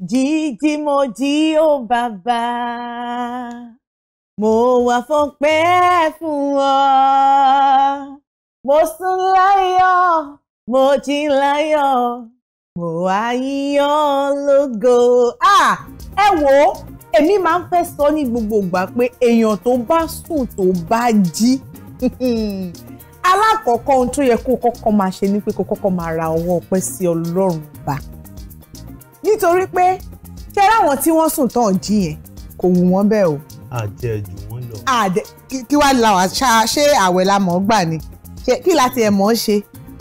jíjí mo jí ó bàbá mo wà fọpẹ́ fún ọ mo sùn láyọ̀ mo jí láyọ̀ mo wá yíyan lógo. ẹ wo èmi máa ń fẹ́ sọ ní gbogbo ìgbà pé èèyàn tó bá sùn tó bá jí alákọ̀ọ́kọ́ ohun tó yẹ kó kọ́kọ́ máa ṣe ni pé kó kọ́kọ́ máa ra ọwọ́ ọpẹ́ sí ọlọ́run bá nítorí pé ṣé ráwọn tí wọ́n sùn tán jí yẹn kò wù wọ́n bẹ́ẹ̀ o. àjẹjù wọn lọ. àdẹ kí wàá la wà ṣe àwẹ̀ la mọ̀ ọ́ gbà ni kí la tiẹ̀ mọ̀ ọ́ ṣe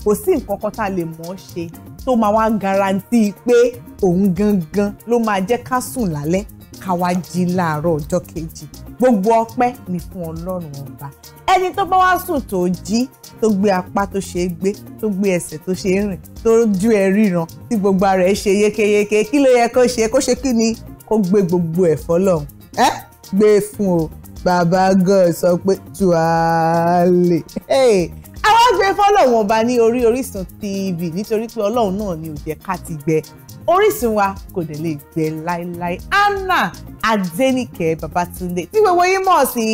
kò sí nǹkan kan tá a lè mọ̀ ọ́ ṣe tó máa wá garanti pé òun gangan ló máa jẹ́ ká sùn lálẹ́ ká wá jí láàárọ̀ ọjọ́ kejì gbogbo ọpẹ́ ni fún Ọlọ́run ọba ẹni tó bá wá sùn tó jí tó gbé apá tó ṣe é gbé tó gbé ẹsẹ̀ tó ṣe é rìn tó ju ẹ ríran tí gbogbo ara ẹ ṣe yékéyéké kí ló yẹ kó ṣe kó ṣe kí ni kó gbé gbogbo ẹ̀ fọ́lọ́run ẹ gbé e fún o bàbá god sọ pé tuale àwọn gbé e fọ́lọ́run ọba ní orí Orísun TV nítorí pé Ọlọ́run náà ni ó jẹ́ ká ti gbẹ Orísun wa kò dé lè gbẹ láéláé Anna Adéníkẹ́ Babátúndé tí gbogbo yín mọ̀ sí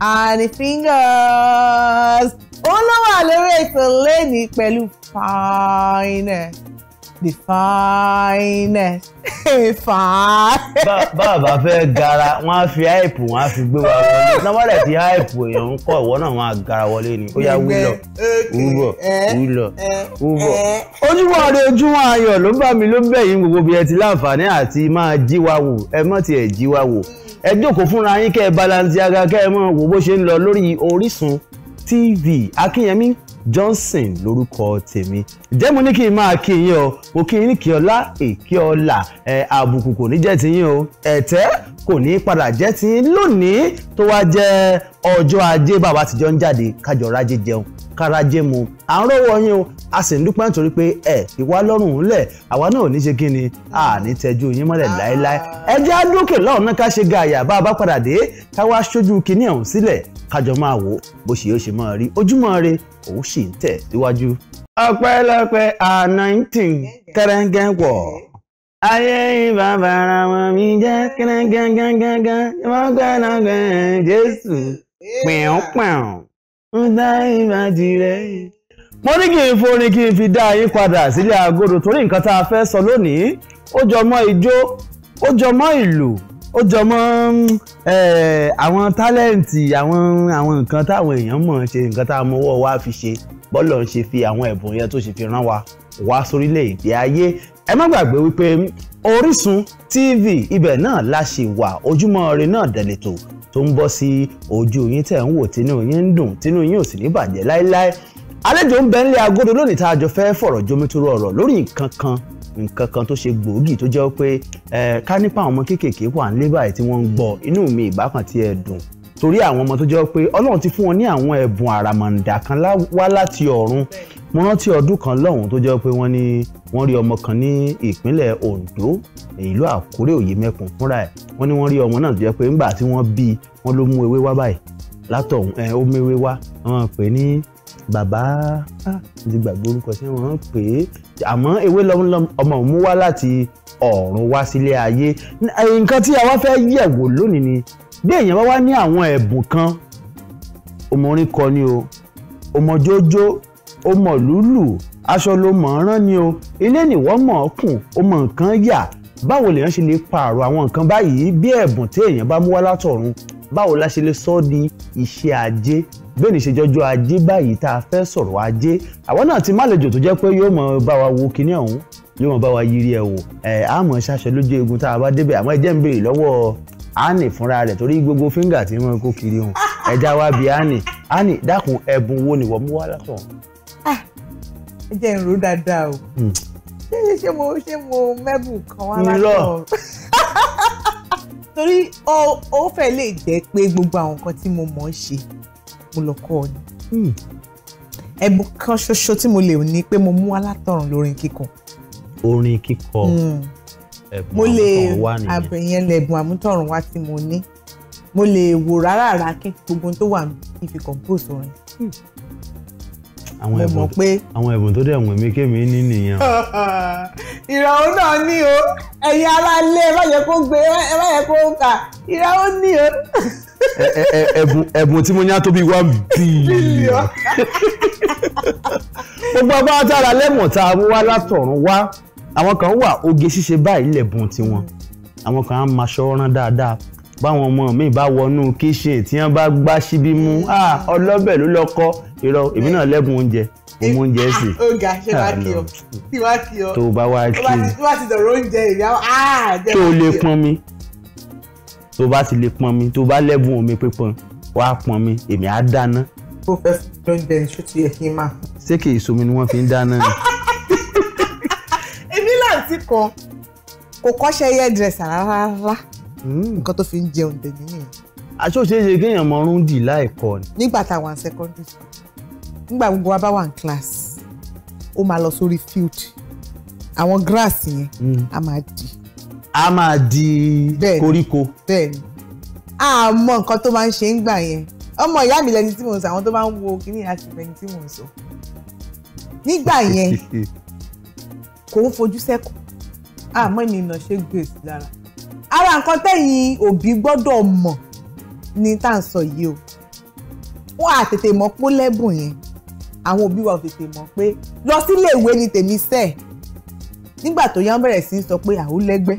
and fingers. òun ló wà lórí ètò lẹ́ni pẹ̀lú finest the finest fine. bá a bá fẹ́ gara wọn á fi hype wọn á fi gbé wa wọlé nọ́mọ́lẹ̀ tí hype èèyàn ń kọ́ ìwọ náà wọ́n á gara wọlé ni ó yá wúlọ̀ wúbọ̀ wúlọ̀ eh, eh, wúbọ̀. Eh. oníwọ̀de ojúmọ́ ayọ̀ ló bá mi ló bẹ̀yìn gbogbo bí ẹ ti láǹfààní àti máa jí wa wò ẹ mọ̀ tiẹ̀ jí wa wò. ẹ jókòó fúnra yín kẹ́ ẹ Balenciaga kẹ́ ẹ mọ̀ wò bó ṣe ń lọ lórí Orísun TV Akínyẹmí Johnson lórúkọ tèmi ǹjẹ́ mo ní kí n máa kí yín o mo kí yín ní kí ọlá èkí ọlà ẹ àbùkù kò ní jẹ́ tiyín o ẹ̀tẹ́ kò ní padà jẹ́ tiyín lónìí tó wá jẹ́ ọjọ́ ajé bàbá àtijọ́ ń jáde kájọ rájé jẹun kárajé mu à ń rọ́wọ́ yín o a sì ń dúpẹ́ nítorí pé ẹ ìwà lọ́rùn ńlẹ̀ àwa náà ò ní ṣe kíni a ní tẹjú yín mọ́lẹ̀ láéláé ẹ jẹ́ àdókè lọ́rùn náà ká ṣe gààyà bá a bá padà dé ká ṣojú kíní ọ̀hún sílẹ̀ kájọ máa wò bó ṣe yóò ṣe máa rí ojúmọ́ ire òun sì ń tẹ̀ síwájú. Ọpẹlọpẹ anointing kẹrẹngẹ ayé ìbàbà ara wọn mi jẹ kẹrẹngẹ wọn gbẹdọ gbẹdọ Jésù pẹ̀hún ń dá mo ní kí n kí n torí nǹkan tá a fẹ́ sọ lónìí ó jọ mọ́ eh, àwọn tálẹ́ǹtì àwọn àwọn nǹkan táwọn èèyàn mọ̀ ṣe nǹkan tá a mọwọ́ wa fi ṣe bọ́ọ̀lù ń ṣe fi àwọn ẹ̀bùn yẹn tó ṣe fi rán wa wá sórílẹ̀ èdè ayé ẹ má gbàgbé wípé Orísun TV ibẹ̀ náà la ṣì wà Ojúmọ́ Ire náà dẹ̀lẹ̀tò tó ń bọ́ sí ojú yín tẹ̀ ń wò tínú yín ń dùn tínú yín ò sì ní bàjẹ́ láéláé àlejò ń bẹ nílé agodo lónìí tá a jọ fẹ́ fọ̀rọ̀ jomitoro ọ̀rọ̀ lórí nǹkan kan nǹkan kan tó ṣe gbòógì tó jẹ́ pé ká nípa àwọn ọmọ kéékèèké wà nílé báyìí tí wọ́n ń gbọ́ inú mi ìbákan ti ẹ̀ dùn torí àwọn ọmọ tó jẹ́ pé ọlọ́run ti fún wọn ní àwọn ẹ̀bùn àràmọ̀ǹdà kan wá láti ọ̀run mo rántí ọdún kan lọ́hùn tó jẹ́ pé wọ́n ní wọ́n rí ọmọ kan ní ìpínlẹ̀ Ondo ìlú Àkúrẹ́ òye mẹ́kun fúnra ẹ̀ wọ́n ní wọ́n rí ọmọ náà tó jẹ́ pé ńgbà tí wọ́n bí wọ́n ló mú ewé wá báyìí látọ̀hún ẹ̀ ó mú ewé wá wọ́n pè ní bàbá ti gbàgbé orúkọ tí wọ́n ń pè é àmọ́ ewé ọmọ òun mú wá láti ọ̀run wá sílé ayé nǹkan tí a wá fẹ́ yẹ̀ wò lónìí ni bí èèyàn bá wá ní àwọn ẹ̀bùn kan ọmọ kọ ni o ọmọ jójó ọmọ lùlù aṣọ ló mọ̀ ọ́n rán ni o ilé nìwọ́ mọ̀ ọ́ kùn ọmọ nǹkan yà báwo lèèyàn ṣe lè pààrọ̀ àwọn nǹkan báyìí bí ẹ̀bùn tí èèyàn bá mú wá látọ̀run báwo la ṣe lè sọ ọ́ di iṣẹ́ ajé bẹ́ẹ̀ ni ìṣèjọ́jọ́ ajé báyìí tá a fẹ́ sọ̀rọ̀ ajé àwọn náà ti málejò tó jẹ́ pé yóò mọ̀ bá wa wo kinní ọ̀hún yóò mọ̀ bá wa yiri ẹ̀ wò ẹ̀ á mọ̀ ṣaṣọ lójú eegun tá a bá débẹ̀ àmọ́ ẹ jẹ́ ń béèrè lọ́wọ́ Annie fúnra rẹ̀ torí gbogbo fíńgà tí wọ́n kó kiri hàn ẹja wa bi Annie Annie dákun ẹ̀bùn wo ni wọ́n mú wá látọ̀. Ah, ẹ jẹ́ hmm. mo ṣé mo mẹ́bùn kan wá látọ̀ torí ó fẹ́ lè jẹ́ pé gbogbo àwọn nǹkan tí mo mọ̀ ọ́ ṣe mo lọ kọ́ ọ ni. Hmm. ẹ̀bùn kan ṣoṣo tí mo lè ní pé mo mú wá látọ̀run lórin kíkọ. orin kíkọ hmm. ẹ̀bùn àmútọ̀run wá nìyẹn. àbẹ̀yẹn lẹ̀bùn àmútọ̀run wá tí mo ní mo lè wò rárá rà kí gbogbo tó wà ní ìfikọ̀ bóòsù àwọn ẹ̀bùn pé àwọn ẹ̀bùn tó dẹ̀ wọ̀n mí kémi ní nìyẹn. ìràwọ̀ náà ní o ẹ̀yin aráalé ẹ má yẹ kó gbé ẹ má yẹ kó kà ìràwọ̀ ní o. ẹ̀bùn ẹ̀bùn tí mo ní á tó bí one billion. gbogbo agbára tá a ra lẹ́mọ̀ tá a mú wá látọ̀run wá àwọn kan wà oge ṣíṣe báyìí lẹ̀bùn tiwọn àwọn kan á máa rán dáadáa báwọn ọmọ mi bá wọnú kíṣìn tí wọ́n bá gbá síbí mú ọlọ́bẹ̀ ló lọ́kọ́ irọ́ èmi náà lẹ́bùn oúnjẹ mo mú oúnjẹ sí. ọ̀gá ṣe wá kí ọ ṣe wá kí ọ tó bá wá kí tó bá ti dọ̀rọ̀ oúnjẹ èmi á jẹ́ tó lè pọn mi tó bá ti lè pọn mi tó bá lẹ́bùn omi pípọn wá pọn mi èmi á dáná. ó fẹ́ fún oúnjẹ iṣu ti yẹ kí n máa. ṣé kì í somi ni wọ́n fi ń dáná ni. èmi láǹtí kan kò kọ́ṣẹ́ hairdresser rárá Hmm. nǹkan tó fi ń jẹun tèmi yẹn. aṣọ ṣeéṣe kéèyàn mọ ọrùn dì láìkọ ni. nígbà tá a wà ní secondary school nígbà gbogbo wa bá wà ní class ó máa lọ sórí field àwọn grass yẹn hmm. a máa di. a máa di koríko. bẹ́ẹ̀ni àmọ́ nǹkan tó máa ń ṣe ń gbà yẹn ọmọ ìyá mi lẹni tí mò ń sọ àwọn tó máa ń wo kíní àti lẹni tí mò ń sọ nígbà yẹn kò ń fojú sẹ́kù àmọ́ èmi ṣe gbèsè e lára ara nǹkan tẹ̀yìn òbí gbọ́dọ̀ mọ̀ ní tá à ń sọ yìí o wọn à tètè mọ̀ pó lẹ́bùn yẹn àwọn òbí wa ò tètè mọ̀ pé lọ sílé ìwé ni tèmi sẹ́ẹ̀ nígbà tó yá bẹ̀rẹ̀ sí í sọ pé àwọn lẹ́gbẹ́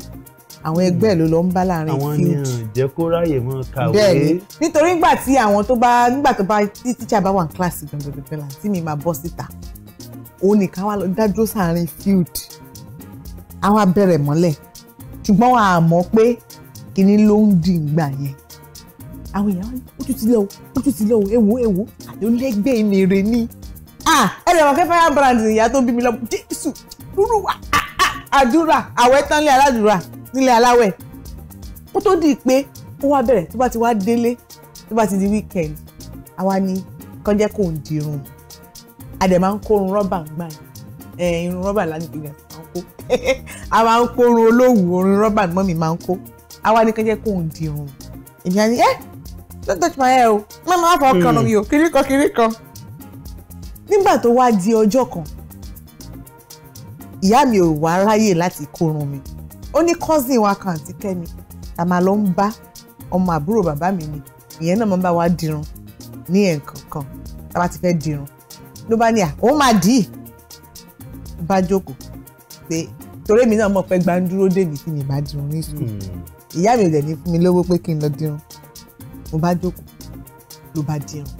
àwọn ẹgbẹ́ ló lọ ń bá láàrin field. àwọn ni ǹjẹ́ kó ráyè mọ́ kàwé. bẹ́ẹ̀ni nítorí nígbà tí àwọn tó bá nígbà tó bá tí tíṣà bá wà ní kíláàsì gbẹngbẹngbẹ là tí mi máa bọ́ síta òun nìkan wà lọ dá sáàrin field àwọn abẹ́rẹ́ mọ́lẹ̀ ṣùgbọ́n a mọ̀ pé kíní ló ń di ìgbà yẹn àwọn èèyàn ó tún ti lọ ó tún ti lọ ewo ewo àlólẹ́gbẹ́ ìmèrè ni ẹ lè mọ̀ pé fire brand ìyá tó bí mi lọ jésù rúrú àdúrà àwẹ̀ tán lé aládùúrà nílé aláwẹ̀ ó tó di pé ó wá bẹ̀rẹ̀ tó bá ti wá délé tó bá ti di weekend àwa ni kàn jẹ́ kó ń dirun àdẹ̀ máa ń kó irun rọ́bà ń gbà irun rọ́bà lánìí pínlẹ̀ kó a máa ń kó orun olóòwú orun rọ́bà ni mọ́mì máa ń kó a wá ní kẹ́jẹ́ kó ń di irun èmi á ní ẹ́ don't touch my hair o má má fọ ọkàn hmm. mi o kiri kan kiri kan nígbà tó wá di ọjọ́ kan ìyá mi ò wá ráyè láti kórun mi ó ní cousin wa kan àti kẹ́mi tá a máa lọ ń bá ọmọ àbúrò bàbá mi ni ìyẹn náà máa ń bá wa dirun ní ẹ̀ẹ̀kọ̀ọ̀kan tá a bá ti fẹ́ dirun ló bá ní à òun máa dì í bá jókòó pé torí mi náà mọ̀ pé gbàǹdúró dè mí kí ni ìbá dirun ní sùn hmm. ìyá mi rẹ̀ ní fún mi lówó pé kí n lọ dirun mo bá jókòó ló bá dirun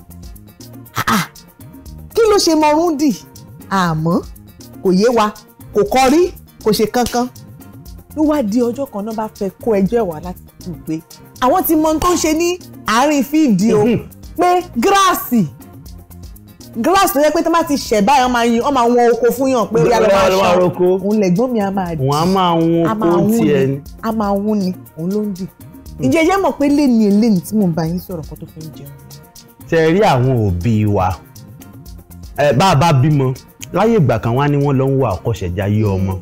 kí ló ṣe mọrún dì àmọ́ kò yé wa kò kọ rí kò ṣe kankan ló wá di ọjọ́ kan náà bá fẹ́ kó ẹjọ́ wá láti tù pé àwọn ti mọ ohun tó ń ṣe ní àárín fíìdì hmm. pé gíráàsì glass tó yẹ pé tó bá ti ṣẹ̀ báyìí wọ́n máa yin wọ́n máa wọn oko fún yàn pé ó yà lọ́ máa ṣọ́ òun lẹ̀gbọ́n mi a máa dì. wọ́n á máa wọn oko tiẹ̀ ni. a máa wọn ni òun ló ń dì. ǹjẹ́ ẹ mọ̀ pé léni eléni tí mò ń bá yín sọ̀rọ̀ kan tó fi ń jẹun. ṣe rí àwọn òbí wa bá a bá bímọ láyé ìgbà kan wá ní wọ́n lọ ń wo àkọ́ṣẹ̀jayé ọmọ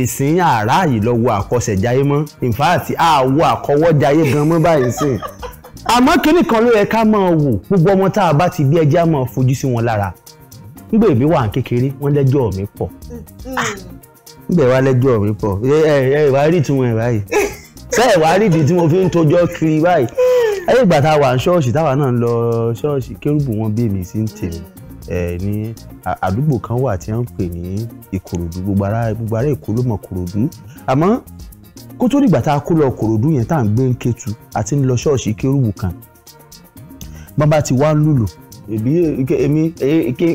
ìsìn àráàyè lọ wo àkọ́ṣẹ̀jayé mọ́ in àwọ àkọ́wọ́jayé gan mọ́ báyìí sìn àmọ́ kinní kan ló yẹ ká máa wò gbogbo ọmọ tá a bá ti bí ẹjẹ́ á máa fojú sí wọn lára ngbè mi wà kékeré wọ́n lẹ́jọ́ mi pọ̀ ngbè wá lẹ́jọ́ mi pọ̀ ẹ ẹ wá rí tiwọn ẹ báyìí ṣé ẹ wá rí ìdí tí mo fi ń tojọ́ kiri báyìí ẹyẹ ìgbà tá a wà ní ṣọ́ọ̀ṣì táwa náà ń lọ ṣọ́ọ̀ṣì kérúbù wọn bí èmi sí ń tèmi ẹ ní àdúgbò kan wà tí wọ́n ń pè ní ìkòròdú gbogbo ará gbogbo ló mọ̀ kòròdú àmọ́ kó tó dìgbà tá a kó lọ kòròdú yẹn tá à ń gbé àti ń lọ ṣọ́ọ̀ṣì kan bàbá ti wá ń lùlù ebi èmi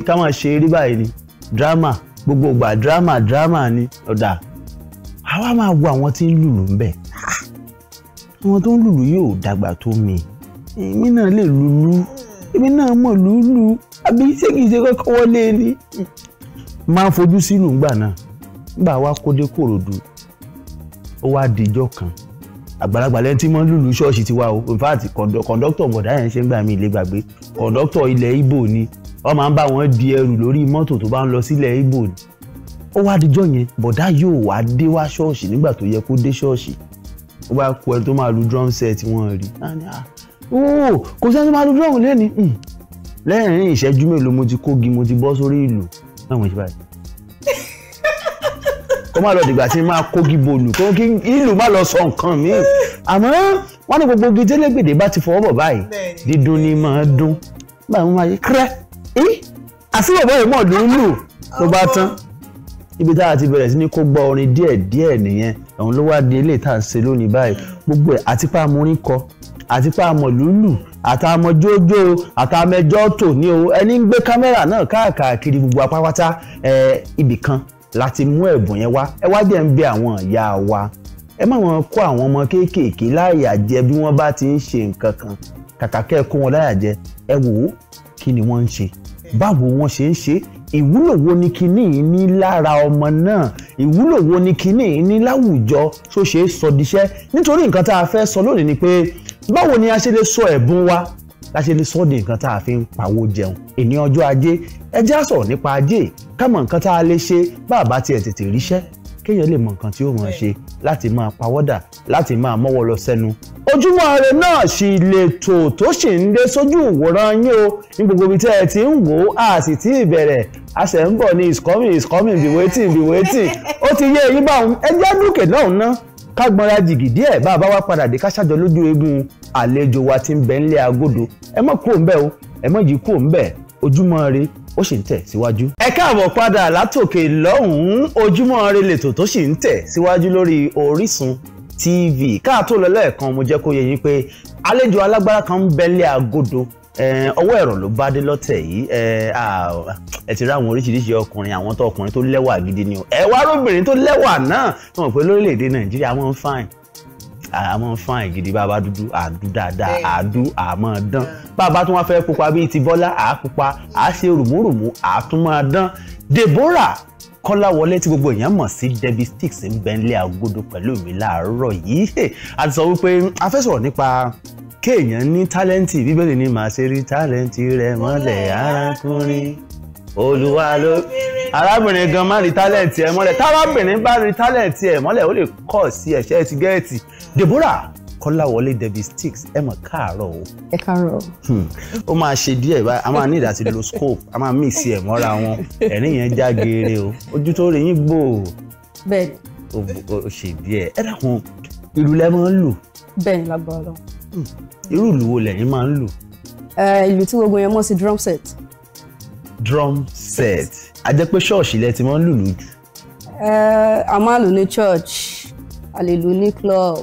ká máa ṣe eré báyìí ni drama gbogbo ìgbà drama drama ni ọ̀dà àwa máa wo àwọn tí ń lùlù ń bẹ̀ àwọn tó ń lùlù yóò mi èmi náà lè lùlù èmi náà mọ̀ lùlù àbí ṣé kìí ṣe kọ́kọ́ wọlé ni máa fojú sínú wa kó dé ó wá dijọ́ kan àgbàlagbà lẹ́ni tí wọ́n lùlù ṣọ́ọ̀ṣì ti wá o in fact kọ̀ǹdọ́tọ̀ bọ̀dá yẹn ṣe ń gbà mí ilé gbàgbé kọ̀ǹdọ́tọ̀ ilẹ̀ Ìgbò ni wọ́n máa ń bá wọn di ẹrù lórí mọ́tò tó bá ń lọ sílẹ̀ Ìgbò ni ó wá dijọ́ yẹn bọ̀dá yóò wá dé wá ṣọ́ọ̀ṣì nígbà tó yẹ kó dé ṣọ́ọ̀ṣì ó bá kó ẹni tó máa lu drum set wọn rí ah, kò sẹ́ni tó máa lu drum lẹ́ni hmm. lẹ́yìn ìṣẹ́jú mélòó mo ti kógi mo ti bọ́ sórí ìlú náà mo ṣe báyìí kó má lọ dìgbà tí n máa kógi bolù kó kí ìlú má lọ sọ nǹkan mi àmọ́ wọ́n ní gbogbo igi tẹ́lẹ̀gbèdè bá ti fọwọ́ bọ̀ báyìí dídùn ni máa dún báyìí wọ́n máa yí kírẹ́ ẹ́ àfihàn bọ́ọ̀ mọ̀ ló ń lù ló bá tán ibi tá a ti bẹ̀rẹ̀ sí ní kó gbọ́ orin díẹ̀ díẹ̀ nìyẹn òun ló wá di eléyìí tá à ń ṣe lónìí báyìí gbogbo ẹ̀ àti pa amúrin kọ àti pa amọ̀lúlù àtàmọ̀jójó àtàmẹjọ́ tò o ẹni ń gbé kámẹ́rà náà káàkiri gbogbo apáwátá ibì kan láti mú ẹ̀bùn yẹn wá ẹ wá jẹ́ ń bẹ àwọn ìyá wa ẹ má wọn kó àwọn ọmọ kéékèèké láyà jẹ bí wọ́n bá ti ń ṣe nǹkan kan kàkà kẹ́ ẹ kó wọn láyà jẹ ẹ wò ó kí ni wọ́n ń ṣe báwo wọ́n ṣe ń ṣe ìwúlò wo ni kinní yìí ní lára ọmọ náà ìwúlò wo ni kinní yìí ní láwùjọ tó ṣe é sọ nítorí nǹkan tá a fẹ́ sọ lónìí ni pé báwo ni a ṣe lè sọ ẹ̀bùn wa láṣẹ lè sọ́ọ̀dì nǹkan tá a fi ń pawó jẹun èní ọjọ́ ajé ẹ já sọ̀rọ̀ nípa ajé kámọ̀ nǹkan tá a lè ṣe bá a bá tiẹ̀ tètè ríṣẹ́ kéèyàn lè mọ nǹkan tí ó máa ṣe láti máa pawọ́dà láti máa mọ́wọ́ lọ sẹ́nu. ojúmọ́ ire náà sì lè tò tó sì ń dé sójú ìwòran yín o ní gbogbo ibi tẹ́ ẹ ti ń wò ó a sì ti ìbẹ̀rẹ̀ a sì ń bọ̀ ní is coming is coming be waiting be waiting ó ti yé eyín báwọn ẹjẹ́ dúkè náà ná ká gbọ́nra jìgì díẹ̀ bá a bá wá padà dé ká ṣàjọ lójú eegun àlejò wa ti ń bẹ nílé agodo ẹ má kúrò ńbẹ̀ o ẹ má yí kúrò ńbẹ̀ ojúmọ́ re ó sì ń tẹ̀ síwájú. ẹ káàbọ̀ padà látòkè lọ́hùn-ún ojúmọ́ re lètò tó sì ń tẹ̀ síwájú lórí Orísun TV káàtó lọ lẹ́ẹ̀kan mo jẹ́ kó yẹ yín pé àlejò alágbára kan ń bẹ nílé agodo ọwọ́ ẹ̀rọ ló bá dé lọ́tẹ̀ yìí ẹ ti rí àwọn oríṣiríṣi ọkùnrin àwọn tó ọkùnrin tó lẹ́wà gidi ni o ẹ wá róbìnrin tó lẹ́wà náà wọn pé lórílẹ̀‐èdè Nàìjíríà wọn ń àmọ́ fáìn gidi bá a bá dúdú àdú dáadáa àdú àmọ́ dán bá a bá tún wá fẹ́ pupa bíi ti Bọ́lá àá pupa àá ṣe rùmúrùmú àá tún máa dán Deborah Kọ́láwọlé tí gbogbo èèyàn mọ̀ sí Debbie Sticks ń bẹ nílé agodo pẹ̀lú mi láàárọ̀ yìí a ti sọ wípé a fẹ́ sọ̀rọ̀ nípa kéèyàn ní tálẹ́ǹtì bíbélì ni màá ṣe rí tálẹ́ǹtì rẹ̀ mọ́lẹ̀ arákùnrin olúwa ló fi arábìnrin gan máa rí tálẹ̀ǹtì ẹ̀ mọ́lẹ̀ tárábìnrin bá rí tálẹ̀ǹtì ẹ̀ mọ́lẹ̀ ó lè kọ̀ sí ẹ̀ṣẹ́ ti gẹ́ẹ̀tì Deborah Kọ́láwọlé Davis sticks ẹ mọ̀ káàárọ̀ o. ẹ káàárọ̀ o. Hmm. ó máa ṣe díẹ̀ báyìí a máa ní ìdásí lo scope a máa mix ẹ̀ mọ́ra wọn ẹ̀rín yẹn já geere o ojú tó rí yín gbò. bẹ́ẹ̀ni. o ṣe díẹ̀ ẹ dákun ìlú lẹ máa ń lù. bẹ́ẹ̀ni lágbára lọ. Hmm. irú ìlú wo lẹ̀yin máa ń lù. ìlú tí gbogbo yẹn mọ̀ sí drum set. drum set a jẹ́ pé ṣọ́ọ̀ṣì lẹ ti máa ń lùlù jù. ẹ a máa lù ní church a lè lù ní club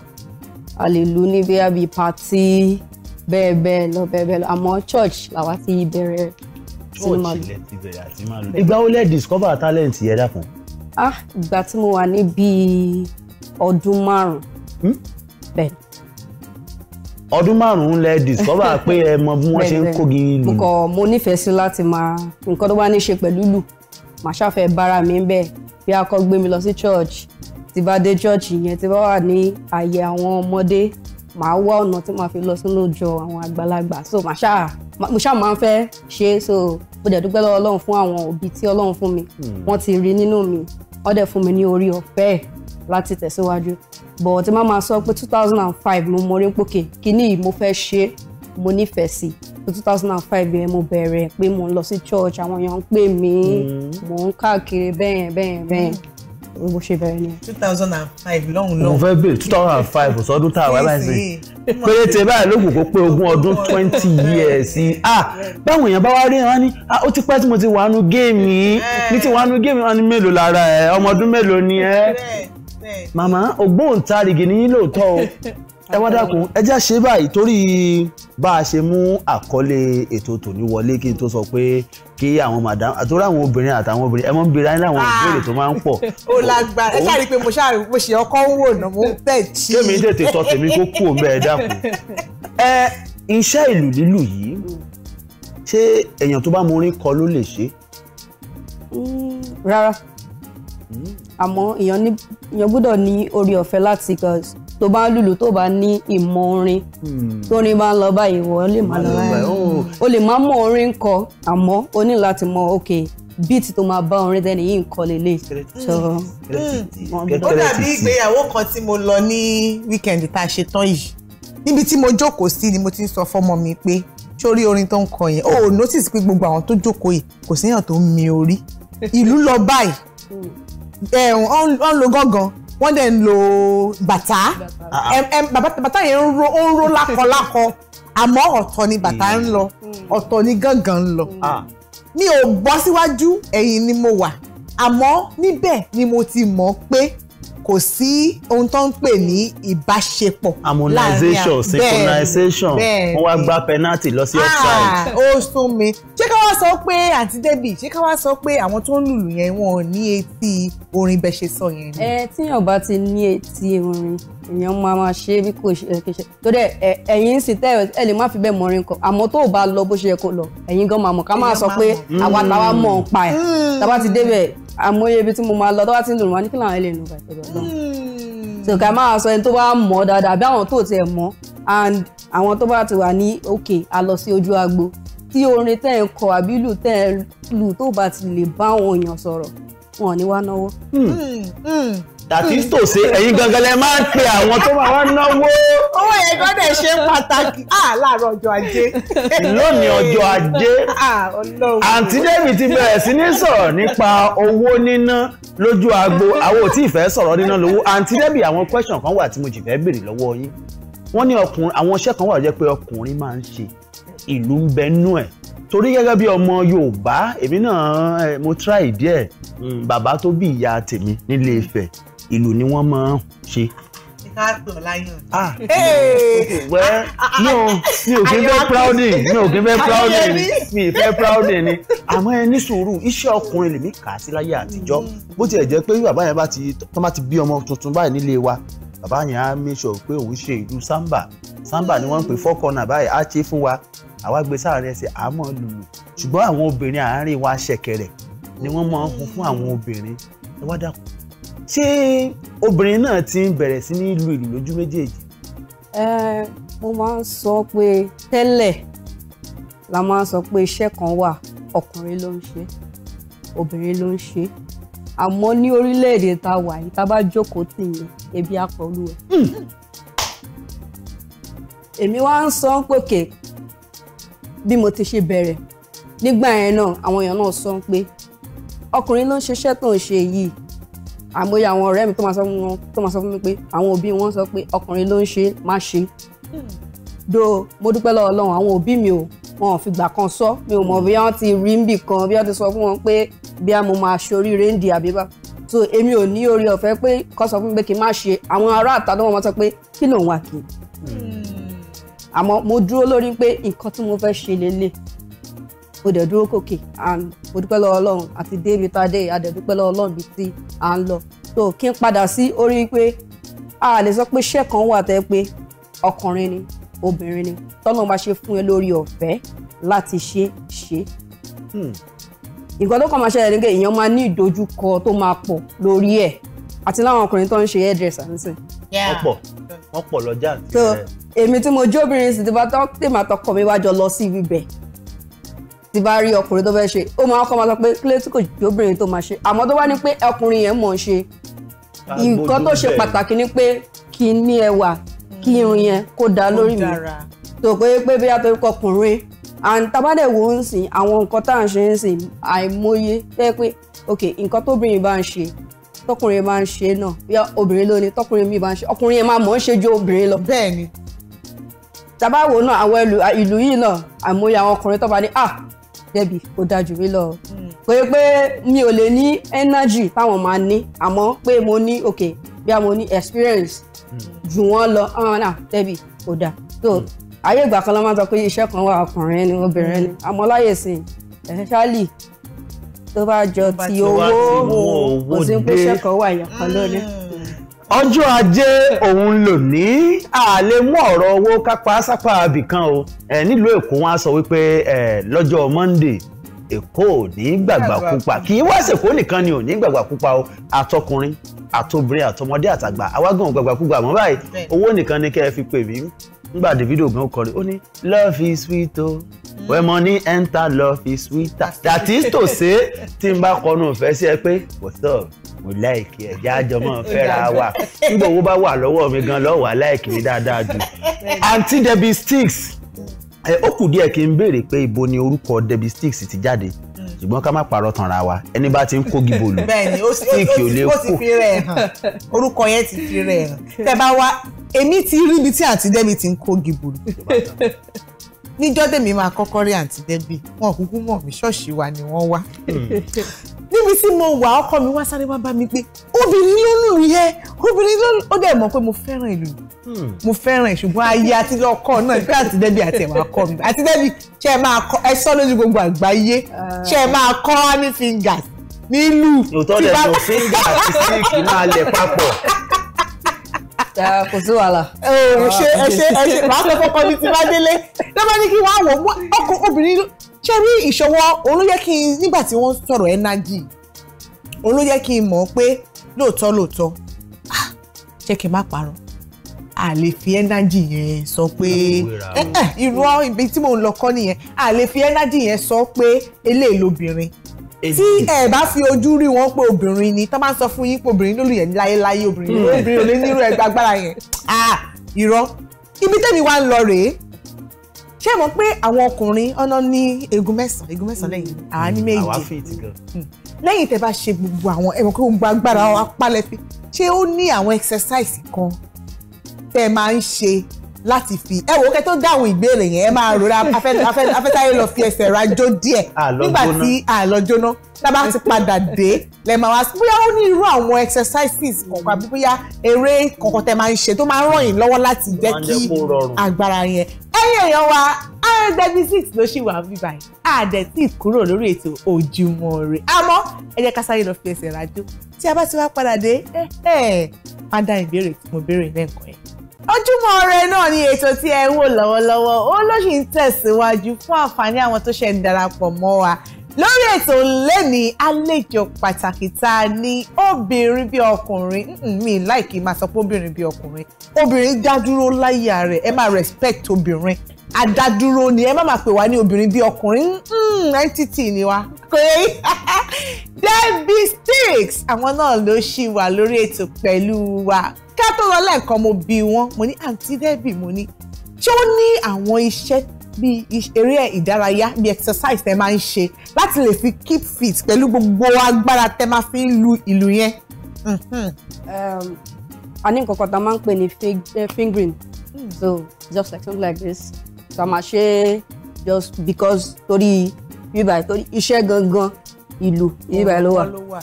a lè lù ní bíi bíi party bẹ́ẹ̀ bẹ́ẹ̀ lọ bẹ́ẹ̀ bẹ́ẹ̀ lọ àmọ́ church làwa ti bẹ̀rẹ̀ sinimá lù. church lẹ ti bẹ̀rẹ̀ máa lù. ìgbà wo lẹ discover talent yẹn dàpọ̀. ah ìgbà tí mo wà ní bíi ọdún márùn-ún hmm? bẹ́ẹ̀ ọdún márùn-ún lẹ discover pé ẹ mọ bí wọ́n ṣe ń kógi lù. mo kọ mo nífẹ̀ẹ́ sí láti máa nǹkan tó bá ní í ṣe pẹ̀lú lù màá ṣàfẹ́ bára mi ń bẹ̀ bí a kọ́ gbé mi lọ sí church tí bá dé church yẹn tí bá wà ní àyè àwọn ọmọdé màá wá ọ̀nà tí màá fi lọ sínú ìjọ àwọn àgbàlagbà so màá ṣáà mo ṣáà máa ń fẹ́ ṣe so mo dẹ̀ dúpẹ́ lọ́wọ́ ọlọ́run fún àwọn òbí tí ọlọ́run fún mi hmm. wọ́n ti rí nínú mi wọ́n dẹ̀ fún mi ní orí ọ̀fẹ́ láti tẹ̀síwájú bọ̀ tí má máa sọ pé two thousand and five mo mọ orí ń pòkè kíní yìí mo fẹ́ ṣe mo nífẹ̀ẹ́ sí i two thousand and five yẹn mo bẹ̀rẹ̀ pé mo ń lọ sí church àwọn èèyàn ń pè mí mm. mo ń káàkiri bẹ́ẹ̀ bẹ́ẹ̀ bẹ́ẹ̀ bó ṣe bẹ̀rẹ̀ ni. two thousand and five Long, long. mo fẹ́ bèrè two oh thousand and five ọ̀sọ́dún tá a wá láìsí péréte báyìí ló kù kó pé ogún ọdún twenty years ah báwọn èèyàn bá wá rí wọn ni ó ti pẹ́ tí mo ti wà nù géèmì yìí ní ti wà nù géèmì wọn ni mélòó lára ẹ ọmọ ọdún mélòó ni ẹ màmá ògbóǹtarìgì ni yín lóòótọ́ o ẹ wá dákun ẹ já ṣe báyìí torí bá a ṣe mú àkọlé ètò tòní wọlé kí n tó sọ pé kí àwọn madam àtúrò àwọn obìnrin àtàwọn obìnrin ẹ mọ ń bira ní àwọn ah, ìbéèrè tó máa ń pọ̀. ó lágbára ẹ ṣàrí pé mo ṣàrí mo ṣe ọkọ ń wò náà mo ń bẹ̀ jí. kémi tètè sọ tèmi kó kú òun bẹ́ẹ̀ dákun. ẹ iṣẹ́ ìlù lílù yìí ṣé èèyàn tó bá mọ orin kọ ló lè ṣe. rárá àmọ́ èèyàn gbọ́dọ̀ ní orí ọ̀fẹ́ láti tó bá lùlù tó bá ní ìmọ̀ orin hmm. tórin bá ń lọ báyìí wọ́n lè má lọ báyìí oh. o lè má mọ orin kọ àmọ́ o ní láti mọ ok beat tó máa bá orin dẹ́ni yìí ń kọ lélẹ̀ so. ó dàbí ìgbéyàwó kan tí mo lọ ní weekend tá a ṣe tán yìí níbi tí mo jókòó sí ni mo ti ń sọ fọ́mọ mi pé sórí orin tó ń kọ yẹn o ò notice pé gbogbo àwọn tó jókòó yìí kò síyàn tó ń mi orí ìlú lọ báyìí hmm. ẹ̀hún ọ̀n lo gángan wọ́n dẹ̀ ń lo bàtà bàtà yẹn ń ro lákọlákọ àmọ́ ọ̀tọ̀ ni bàtà ń lọ mm. ọ̀tọ̀ ni gángan ń lọ mm. ah. mi ò bọ́ síwájú ẹ̀yìn ni mo wà àmọ́ níbẹ̀ ni mo ti mọ̀ pé kò sí ohun tó ń pè ní ìbáṣepọ̀ harmonization synchronization wọ́n wá gba penalty lọ sí offside. Ah, ó sún mi ṣé ká wá sọ pé àǹtí Débì ṣé ká wá sọ pé àwọn tó ń lùlù yẹn wọn ò ní etí orin bẹ́ẹ̀ ṣe sọ yẹn. ẹ eh, tíyàn bá ti ní etí orin ìyẹn máa máa ṣe bí kò ṣe ṣe torí ẹ̀yin ń sì tẹ́ ẹ lè má fi bẹ́ẹ̀ mọrin kọ àmọ́ tó o bá lọ bó ṣe yẹ kó lọ ẹ̀yin gan máa mọ̀ ká máa sọ pé àwa táwa hmm. mọ̀ ń pa ẹ̀ hmm. táwa ti débẹ̀ àmọye ibi tí mo máa lọ táwa ti ń lò wọn ní kí làwọn ẹ lè nù bàtẹ́ lọ́dọ̀ so ká máa sọ ẹni tó bá mọ̀ dáadáa bí àwọn tó tiẹ̀ mọ̀ and àwọn tó bá ti wà ní òkè a lọ sí ojú agbo tí orin tẹ́ ẹ̀ kọ àbí lù tẹ́ ẹ̀ lù tó bá ti lè bá àwọn èèyàn sọ̀rọ̀ wọn ò ní wá náwó. Hmm that is to say ẹ̀yin gangan lẹ máa ń pe àwọn tó máa wá náwó. owó yẹn gbọ́dọ̀ ṣe pàtàkì láàárọ̀ ọjọ́ ajé. lónìí ọjọ́ ajé àǹtí Dẹ́mi ti bẹ̀rẹ̀ sí ní sọ̀rọ̀ nípa owó níná lójú agbo àwọn ò tí ì fẹ́ sọ̀rọ̀ níná lówó àǹtí Dẹ́mi àwọn question kan wà tí mo jì fẹ́ béèrè lọ́wọ́ yín wọ́n ní ọkùnrin àwọn iṣẹ́ kan wà jẹ́ pé ọkùnrin máa ń ṣe ìlú ń bẹ nú ẹ̀ torí gẹ́gẹ́ bí ọmọ Yorùbá èmi náà mo try díẹ̀ hmm. bàbá tó bí ìyá tèmi nílé Ifẹ̀ ìlú ni wọ́n máa ń ṣe. Ah, well, no, mi ò kí n fẹ́ prouding, mi ò kí n fẹ́ prouding ni, mi ì fẹ́ prouding ni. Àmọ́ ẹ ní sùúrù, iṣẹ́ ọkùnrin lèmi kà á sí láyé àtijọ́. Mm-hmm. Bó tilẹ̀ jẹ́ pé bàbá yẹn bá ti tọ́ bá ti bí ọmọ tuntun báyìí nílé wa, bàbá yẹn á make pé òun ṣe ìlú samba. Samba ni wọ́n ń pè mm-hmm. four corner báyìí, á ṣe fún wa. Àwa gbé sáàrin ẹsẹ̀, à á mọ̀ lùlù. Ṣùgbọ́n àwọn obìnrin àárín wa ṣẹ̀kẹ̀rẹ̀ ni wọ́n máa ń fún fún àwọn obìnrin. Ẹ wá dákun ṣé obìnrin náà ti ń bẹ̀rẹ̀ sí ní lu ìlù lójú méjèèjì. ẹ mo máa ń sọ pé tẹ́lẹ̀ la máa ń sọ pé iṣẹ́ kan wà ọkùnrin ló ń ṣe obìnrin ló ń ṣe àmọ́ ní orílẹ̀-èdè tá a wà yìí tá a bá jókòó tì yín ebi á pa olúwẹ̀. èmi wá ń sọ pé kè bí mo ti ṣe bẹ̀rẹ̀ nígbà yẹn náà àwọn èèyàn náà sọ pé ọkùnrin ló ń ṣiṣẹ́ tó ń ṣe yìí àmọye àwọn ọ̀rẹ́ mi tó máa sọ fún mi pé àwọn òbí wọn sọ pé ọkùnrin ló ń ṣe má ṣe do mo dúpẹ́ lọ́wọ́ Ọlọ́run àwọn òbí mi ò wọn ò fìgbà kan sọ mi ò mọ̀ hmm. bí wọ́n ti rí ń bì kan bí wọ́n ti sọ fún wọn pé bí a mo máa ṣe ń di àbíbá so èmi ò ní orí ọ̀fẹ́ pé kọ́ sọ fún mi pé kí n má ṣe àwọn ará àtàdán wọn sọ pé kí ló ń wà kí hmm. àmọ́ mo dúró lórí pé nǹkan tí mo fẹ́ ṣe lélẹ̀ mo dẹ̀ dúró kòkè and mo dúpẹ́ lọ́wọ́ ọlọ́run àti débi tá a dé a dẹ̀ dúpẹ́ lọ́wọ́ ọlọ́run bíi tí à ń lọ tó kí n padà sí orí pé a lè sọ pé iṣẹ́ kan wà tẹ́ pé ọkùnrin ni obìnrin ni tọ́nà máa ṣe fún ẹ lórí ọ̀fẹ́ láti ṣe ṣe. Hmm. nǹkan tó kàn máa ṣẹlẹ̀ nígbà èèyàn máa ní ìdojúkọ tó máa pọ̀ lórí ẹ̀ àti láwọn ọkùnrin tó ń ṣe hairdresser nísìn. ọ̀pọ̀ ọ̀pọ̀ lọ́jà. èmi tí mo jóbìnrin sì ti bá tọ́ tèmi àtọkọ mi wájọ lọ sí ibi bẹ́ẹ̀ tí bá rí ọkùnrin tó fẹ́ ṣe ó máa kọ́ máa sọ pé kílé tí kò jóbìnrin tó máa ṣe àmọ́ tó bá ní pé ọkùnrin yẹn mọ̀ ń ṣe nǹkan tó ṣe pàtàkì ni pé kí n ní ẹwà kí irun yẹn kó da lórí mi tó pé pé bí a tó kọ ọkùnrin and tabade wo ń sìn àwọn nǹkan tá à ń ṣe ń sìn àìmọye tẹ́ pé ok nǹkan tóbìnrin bá ń ṣe tọkùnrin bá ń ṣe náà bóyá obìnrin ló tọkùnrin mi bá ń ṣe ọkùnrin yẹn máa mọ̀ ń ṣe ju obìnrin lọ. bẹ́ẹ̀ni. tabawo náà àwọn ìlú yìí náà àìmọye àwọn ọkùnrin tó bá ní ah Debbie ó dájú rí lọ. pé hmm. pé mi ò lè ní energy táwọn máa ní àmọ́ pé mo ní ok bí a mo ní experience hmm. jù wọ́n lọ ọ̀hún náà ah, Debbie ó dá. so hmm. ayé ìgbà kan ló máa ń sọ pé iṣẹ́ kan wà ọkùnrin ni obìnrin ni àmọ́ láyè sí ẹ̀ṣálì tó bá jọ ti owó kò sí pé iṣẹ́ kan wà ìyàkan lónìí ọjọ́ ajé òun lò ní àlè mú ọ̀rọ̀ owó kápá sápá abìkan o nílùú èkó wọn á sọ wípé lọ́jọ́ monday èkó ò ní gbàgbàkúpa kì í wá ṣèkó nìkan ni ò ní gbàgbàkúpa o àtọkùnrin àtobìnrin àtọmọdé àtàgbà awágùn gbàgbàkúpa àmọ́ báyìí owó nìkan ni kẹ́ ẹ fi pè mí nígbà Davido gan kọrin ó ní love is sweet o when money enter love is sweeter that is to say tí n bá kọnu ọ̀fẹ́ sí ẹ pé what's up mo láìkí ẹ jẹ́ àjọmọ́ fẹ́ra wa nígbà owó bá wà lọ́wọ́ mi gan lọ́wọ́ aláìkí mi dáadáa jù aunty debbie sticks ẹ ó kù díẹ̀ kí n béèrè pé ibo ni orúkọ debbie sticks ti jáde ṣùgbọ́n ká má parọ́ tanra wa ẹni bá ti ń kó gíbo lò bẹ́ẹ̀ni ó sì fi rẹ̀ hàn orúkọ yẹn ti fi rẹ̀ hàn tẹ́ bá wá èmi ti rí ibi tí àǹtí Débì ti ń kó gìbùrù níjọ́ tèmi máa kọ́kọ́ rí àǹtí Débì wọn kúkú mọ̀ mí ṣọ́ọ̀ṣì wa ni wọ́n wá hmm. níbi tí mo wà ọkọ mi wá sáré wá bá mi pé obìnrin ló lù yẹ obìnrin ló lù ó dẹ̀ mọ̀ pé mo fẹ́ràn ìlú hmm. mo fẹ́ràn ìṣùgbọ́n ayé àti ọkọ náà pé àǹtí Débì àti ẹ̀wà kọ́ mi àǹtí Débì ṣe máa kọ ẹ sọ lójú gbogbo àgbáyé ṣe máa kọ́ honey fingers nílùú. òótọ́ lẹ́nu fíńgà àti síìkì máa lẹ̀ papọ̀ kò sí wàhálà. ẹ ṣe ẹ ṣe ẹ ṣe màá sọ fọkọ ní ti bá délé ló bá ní kí wọ́n á wọ̀ ọkọ̀ obìnrin ṣé rí ìṣọwọ́ òun ló yẹ kí n nígbà tí wọ́n sọ̀rọ̀ energy òun ló yẹ kí n mọ̀ pé lóòótọ́ lóòótọ́ ṣé ah, kí n má parọ́ a fi energy yẹn sọ pé irú ibi tí mò ń lọ kọ́ nìyẹn a lè fi energy yẹn sọ pé eléèlóbìnrin tí ẹ bá fi ojú rí wọn pé obìnrin ni tán bá ń sọ fún yín pé obìnrin ló lù yẹn láyéláyé obìnrin obìnrin ò lè nírú ẹgbẹ agbára yẹn ah irọ́ ibi tẹ́mi wá ń lọ rèé ṣé mọ̀ pé àwọn ọkùnrin ọ̀nà ní egun mẹ́sàn-án egun mẹ́sàn-án lẹ́yìn àwa ní méje hmm. lẹ́yìn tẹ́ bá ṣe gbogbo àwọn ẹ̀mọ̀ pé gbogbo agbára wa ṣé ó ní àwọn exercise kan tẹ́ máa ń ṣe láti fi ẹ wò ó kẹ́ tó dáhùn ìbéèrè yẹn ẹ máa rora afẹ́táyé lọ fi ẹsẹ̀ rajó díẹ̀ nígbà tí àlọ́ jóná tábà ti padà dé lẹ máa wá bóyá ó ní irú àwọn exercises kọ̀ọ̀kan àbí bóyá eré kọ̀ọ̀kan tẹ máa ń ṣe tó máa ń ràn yín lọ́wọ́ láti jẹ́ kí agbára yẹn ẹ̀yìn èèyàn wa rndb6 ló ṣì wà bí báyìí àdẹ̀ tí kúrò lórí ètò Ojúmọ́ Ire àmọ́ ẹ jẹ́ ká sáré lọ fi ẹsẹ̀ rajó tí a bá ti wá padà dé ẹ ẹ má dá ìbéèrè tí mo béèrè lẹ́ǹkan yẹn ojúmọ́ ire náà ni ètò tí ẹ ń wò lọ́wọ́lọ́wọ́ ó ló sì ń tẹ̀síwájú fún àǹfààní àwọn tó ṣe ń darapọ̀ mọ́ wa lórí ètò lẹ́ni àlejò pàtàkì tá a ní obìnrin bí ọkùnrin mi láìkí máa sọ pé obìnrin bí ọkùnrin obìnrin dá dúró láyà rẹ̀ ẹ máa respect obìnrin adádúró ni ẹ má máa pè wá ní obìnrin bí ọkùnrin entity ni wá. pé Debbie Sticks àwọn náà ló ṣì wà lórí ètò pẹ̀lú wa ká tó lọ lẹ́ẹ̀kan mo bi wọn mo ní àǹtí Debbie mo ní ṣé ó ní àwọn iṣẹ́ bí eré ìdárayá bí exercise tẹ máa ń ṣe láti lè fi keep fit pẹ̀lú gbogbo agbára tẹ máa fi ń lu ìlú yẹn. Hmm. Um, a ní nǹkan kan tá a máa ń pè ní eh, fingering hmm. so just like something like this so a máa ṣe just because torí bíbá torí iṣẹ́ gangan ìlú bíbá ló wà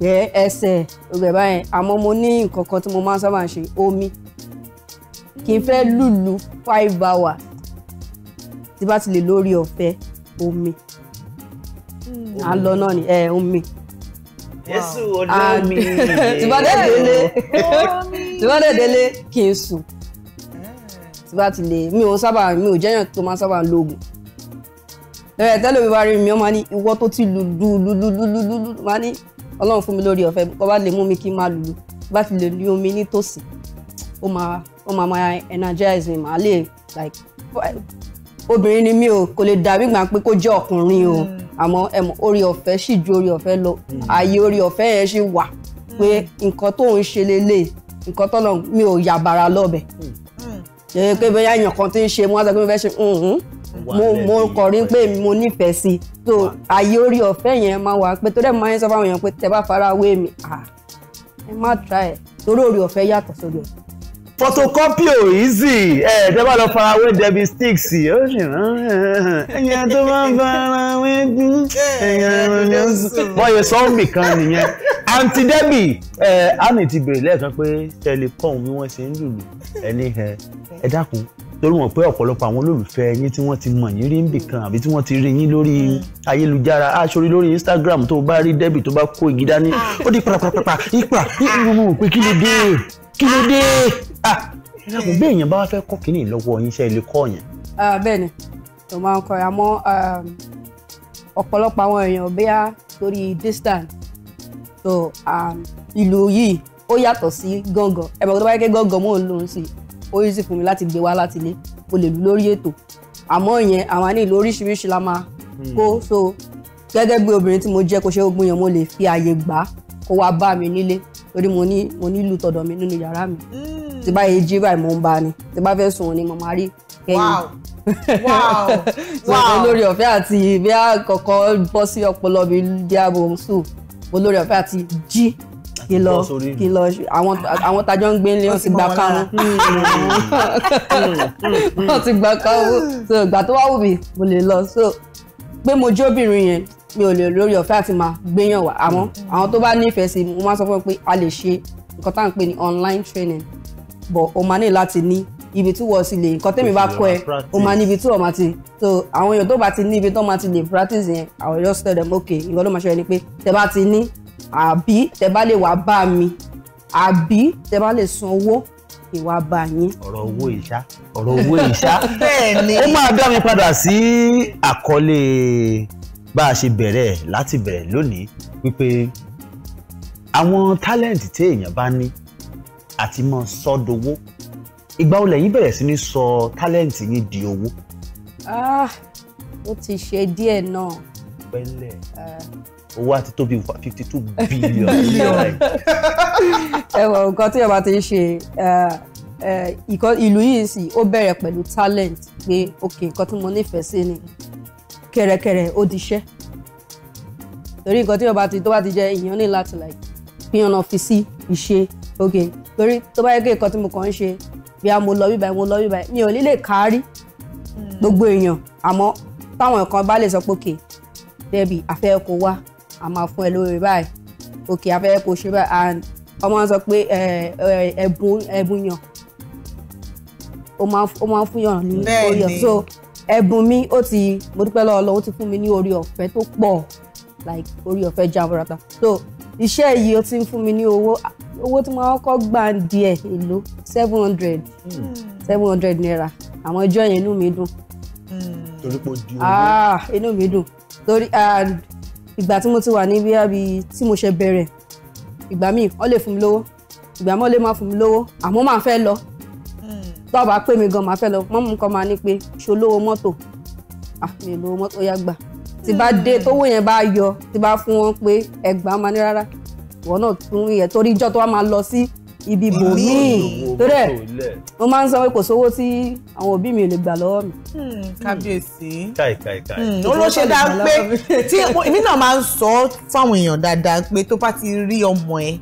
yẹ ẹsẹ̀ ògbẹ̀ báyẹn àmọ́ mo ní nǹkan kan tí mo máa ń sábà ṣe omi kì í fẹ́ lùlù five hour. tí bá ti lè lórí ọ̀fẹ́ omi hmm. à ń lọ náà ni ẹ omi. Jésù olómi. tí bá dẹ̀ délé tí bá dẹ̀ délé kì í sùn hmm. tí bá ti lè mi ò sábà mi ò jẹ́yàn tó máa sábà lo oògùn lẹ́yìn tẹ́lẹ̀ mi bá rí mi ó máa ní ìwọ tó ti lùlù lùlù lùlù máa ní ọlọ́run fún mi lórí ọ̀fẹ́ kó bá lè mú mi kí n máa lùlù bá ti lè ní omi nítòsí ó máa ó máa máa energize mi màá lè like obìnrin ni mí o kò lè dàbí gbà pé kó jẹ́ ọkùnrin o hmm. àmọ́ ẹ̀mọ́ orí ọ̀fẹ́ sì ju orí ọ̀fẹ́ lọ hmm. ààyè orí ọ̀fẹ́ yẹn sì wà hmm. pé nǹkan tó ń ṣe lélẹ̀ nǹkan tọ́lọ̀ mi ò yàbàrà lọ́bẹ̀ ṣe pé bẹ́ẹ̀ yàn kan tí ń ṣe mọ́ àtàkùn mi fẹ́ ṣe mo mo kọrin pé mo nífẹ̀ẹ́ sí i so ààyè orí ọ̀fẹ́ yẹn máa wà pé torí ẹ̀ máa ń sọ fáwọn èèyàn pé tẹ bá fara wé mi ẹ má tra ẹ̀ torí orí ọ̀fẹ́ yàtọ̀ sórí ọ̀fẹ́. photocopy easy ẹ tẹ bá lọ fara wé debi sticks ó sì rán ẹyẹ tó bá fara wé gún ẹyẹ ló ń sùn. bọ́yẹ sọ́ọ̀mì kan nìyẹn àǹtí débì ẹ àmì ti bèrè lẹ́ẹ̀kan pé tẹlifọ̀n bí wọ́n ṣe ń lùlù ẹni ẹ ẹ dákun torí wọn pé ọ̀pọ̀lọpọ̀ àwọn olólùfẹ́ yín tí wọ́n ti mọ̀ yín rí níbì kan àbí tí wọ́n ti rí yín lórí ayélujára aṣọrí lórí Instagram tó bá rí Debbie tó bá kó igi dání ah. ó di pàràpàràpà ipa ìrùnmù pé kí ló dé kí ló dé ah ẹ̀rọ bí èèyàn bá wá fẹ́ kọ́ kínní lọ́wọ́ yín iṣẹ́ ilé kọ́ yẹn. Ah, bẹ́ẹ̀ni mo máa ń kọ àmọ́ ah, ọ̀pọ̀lọpọ̀ àwọn èèyàn bíyà torí distance so ìlú yìí ó yàtọ̀ sí gángan ẹ̀bùn tó bá yẹ kí ó easy fún mi láti gbé wá láti ilé mo lè lù lórí ètò àmọ́ ìyẹn àwọn àní ìlú oríṣiríṣi la máa hmm. kó so gẹ́gẹ́ bí obìnrin tí mo jẹ́ kó ṣe é gbóyan mo lè fi àyè gbà kó wá bá mi nílé torí mo ní mo ní ìlú tọ̀dọ̀ mi nínú yàrá mi hmm. tí bá yẹ jí báyìí mo ń bá ni tí bá fẹ́ sùn ni mo máa rí kẹ́yìn wow olórí ọ̀fẹ́ àti ìbí àkọ́kọ́ bọ́ sí ọpọlọ mi díàbò sùn olórí ọ̀fẹ́ àti jí kí lọ kí lọ àwọn tajọ ń gbé ńlé ó ti gbà kánú ó ti gbà kánú so ìgbà tó wá wù mí mo lè lọ so pé mo jóbìnrin yẹn mi ò lè lórí ọ̀fẹ́ àti máa gbéyàn wá àmọ́ àwọn tó bá nífẹ̀ẹ́ sí mo máa sọ fún ẹ pé a lè ṣe nǹkan tá à ń pè ní online training but o máa ní láti ní ibi tí wọ́n sì lè nǹkan tẹ́mi bá kọ́ ẹ o máa ní ibi tí wọ́n máa ti so àwọn èèyàn tó bá ti ní ibi tó máa ti lè practice yẹn I will just tell them okay nǹkan ló máa ṣe ẹni pé tẹ bá ti ní àbí tẹ bá lè wá bá mi àbí tẹ bá lè san owó ìwà bá yín. ọ̀rọ̀ owó ìṣá ọ̀rọ̀ owó ìṣá bẹ́ẹ̀ ni. ó máa dá mi padà sí àkọlé bá a ṣe bẹ̀rẹ̀ láti bẹ̀rẹ̀ lónìí wípé àwọn tálẹ́ǹtì tí èèyàn bá ní àti mọ sọ́dowó ìgbà olè yín bẹ̀rẹ̀ sí ní sọ tálẹ́ǹtì yín di owó. Ah, ó ti ṣe díẹ̀ náà. pẹ́lẹ̀. Eh. What to be 52 fifty billion. ẹ wọ nǹkan tí ọba ti ń ṣe ìlú yìí sì ó bẹ̀rẹ̀ pẹ̀lú talent pé ok nǹkan tí mo nífẹ̀ẹ́ sí ni kẹ̀rẹ̀kẹ̀rẹ̀ ó di iṣẹ́ torí nǹkan tí ọba ti tó bá ti jẹ èèyàn ní láti like fi hàn fi sí ìṣe ok torí tó bá yẹ kí nǹkan tí mo kàn ń ṣe bí a mo lọ bíbáyìí mo lọ bíbáyìí mi ò ní lè kárí hmm. gbogbo èèyàn àmọ́ táwọn nǹkan bá lè sọ pé ok bẹ́ẹ̀ àfẹ́ kò wá a máa fún ẹ lórí báyìí òkè afẹ́fẹ́ kò ṣe báyìí and ọmọ sọ pé ẹ̀bùn ẹ̀bùn yàn ó máa fún yàn ní orí ọ̀ so ẹ̀bùn mi ó ti mo dúpẹ́ lọ́wọ́ lọ́wọ́ ó ti fún mi ní orí ọ̀fẹ́ tó pọ̀ like orí ọ̀fẹ́ jaburata so iṣẹ́ yìí ó ti ń fún mi ní owó owó tí mo kọ́kọ́ gbà díẹ̀ èlò seven hundred hmm. seven hundred naira àwọn ọjọ́ yẹn inú mi dùn. Hmm. torí pé o di owó. Ah, inú mi dùn torí and ìgbà tí mo ti wà ní bíi àbí tí mo ṣe bẹ̀rẹ̀ ìgbà míì wọ́n lè fún mi lówó ìgbà míì lè má fún mi lówó àmọ́ màá fẹ́ lọ hmm. tó bá pè mí gan màá fẹ́ lọ mọ́mú kan máa ní pé ṣo lówó mọ́tò àmì ah, ìlówó mọ́tò yá gbà tí bá dé hmm. tówó yẹn bá yọ tí bá fún wọn pé ẹgbàá máa ní rárá ìwọ náà tún yẹ torí ìjọ tó wá máa lọ sí ibi bò míì torí ẹ mo máa ń sọ pé kò sówó tí àwọn òbí mi ò lè gbà lọ́wọ́ mi. Hmm, kábíyèsí hmm. hmm, olóṣè dá pé tí èmi náà máa ń sọ fáwọn èèyàn dáadáa pé tó bá ti rí ọmọ ẹ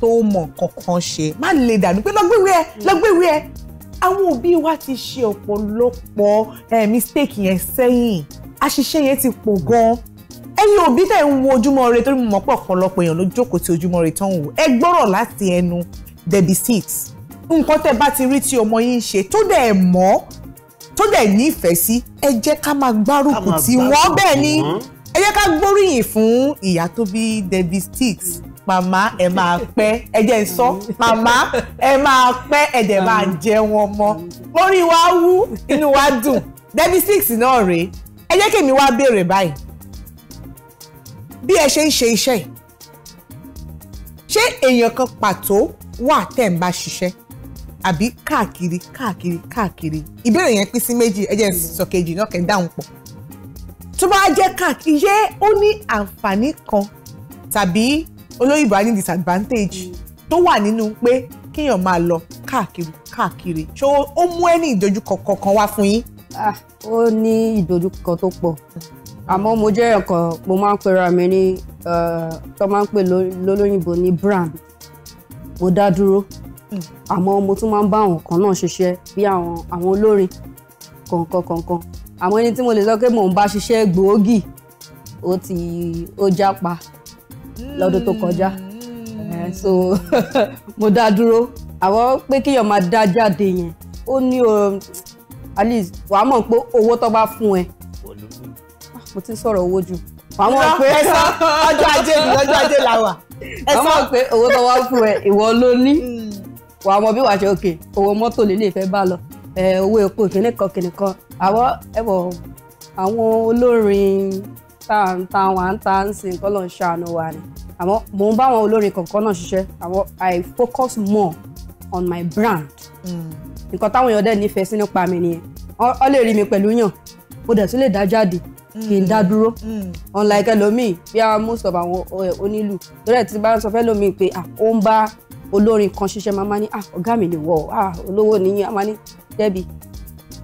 tó mọ kankan ṣe má lè dànù pé lọ́gbẹ̀wé ẹ lọ́gbẹ̀wé ẹ àwọn òbí wa ti ṣe ọ̀pọ̀lọpọ̀ eh, mistake yẹn sẹ́yìn àṣìṣe yẹn ti pọ̀ gan-an ẹ̀yin òbí tẹ́ ń wo ojúmọ́ ire torí mo mọ̀ pé ọ̀pọ̀lọpọ̀ èèyàn ló jókòó ti ojúmọ́ ire tán wò ẹ gbọ́rọ̀ láti ẹnu there be six nǹkan tẹ́ bá ti rí tí ọmọ yín ń ṣe tó dẹ̀ mọ́ tó dẹ̀ nífẹ̀ẹ́ sí ẹ jẹ́ ká máa gbárùkù tí wọ́n bẹ́ẹ̀ ni ẹ jẹ́ ká gbóríyìn fún ìyá tó bí debbie sticks màmá ẹ máa pẹ́ ẹ jẹ́ ń sọ màmá ẹ máa pẹ́ ẹ dẹ̀ máa jẹun ọmọ orí wa wú inú wa dùn debbie sticks náà rèé ẹ jẹ́ kèmi wá béèrè báyìí bí ẹ ṣe ń ṣe iṣẹ́ yìí ṣé èèyàn kan pàtó wà tẹ̀ ń bá ṣiṣẹ́ àbí káàkiri káàkiri káàkiri ìbéèrè yẹn pín sí méjì ẹ jẹ́ sọ kejì náà kẹ́ ń dáhùn pọ̀ tó bá jẹ́ káàkiri yé ó ní àǹfààní kan tàbí olóyìnbó á ní disadvantage tó wà nínú pé kéèyàn máa lọ káàkiri káàkiri ṣó ó mú ẹni ìdojúkọ kankan wá fún yín. Ah, ó ní ìdojúkọ tó pọ̀ àmọ́ mo jẹ́ ọ̀kan mo máa ń pera mi ní eh, tó máa ń pè lólóyìnbó ní brand mo dá dúró hmm. àmọ́ mo tún máa ń bá àwọn kan náà ṣiṣẹ́ bí àwọn àwọn olórin kọ̀ọ̀kan kọ̀ọ̀kan àmọ́ ẹni tí mo lè sọ pé mò ń bá ṣiṣẹ́ gbòógì ó ti ó jápa lọ́dún tó kọjá hmm. so mo dá dúró àwọn pé kíyàn máa dá jáde yẹn ó ní o at least wàá mọ̀ pé owó tó bá fún ẹ mo ti sọ̀rọ̀ owó jù àwọn pé ọjọ́ ajé ni ọjọ́ ajé la wà. àwọn pé owó tó wá fún ẹ ìwọ ló ní wà á mọ bí wàá ṣe òkè owó mọ́tò lè lè fẹ́ bá lọ owó epo kìnnì kan kìnnì kan àwọn ẹ̀wọ̀ àwọn olórin táwọn à ń ta ń sìn kọ́ ló ń ṣàánú wa ni àmọ́ mò ń bá àwọn olórin kọ̀ọ̀kan náà ṣiṣẹ́ àmọ́ I focus more on my brand hmm. nǹkan táwọn èèyàn dẹ̀ nífẹ̀ẹ́ sí nípa mi nìyẹn ọ lè rí mi pẹ̀lú yàn mo dẹ̀ tún lè dá jáde kì í dá dúró mm, mm. unlike ẹlòmíì bí àwọn most of àwọn eh, onílù lórí ẹ̀ tí bá ń sọ fẹ́ lómi pé ó ń bá olórin kan ṣiṣẹ́ máa ma ní ọ̀gá mi ni wọ́ ọ olówó nìyí a máa ní dẹ́bi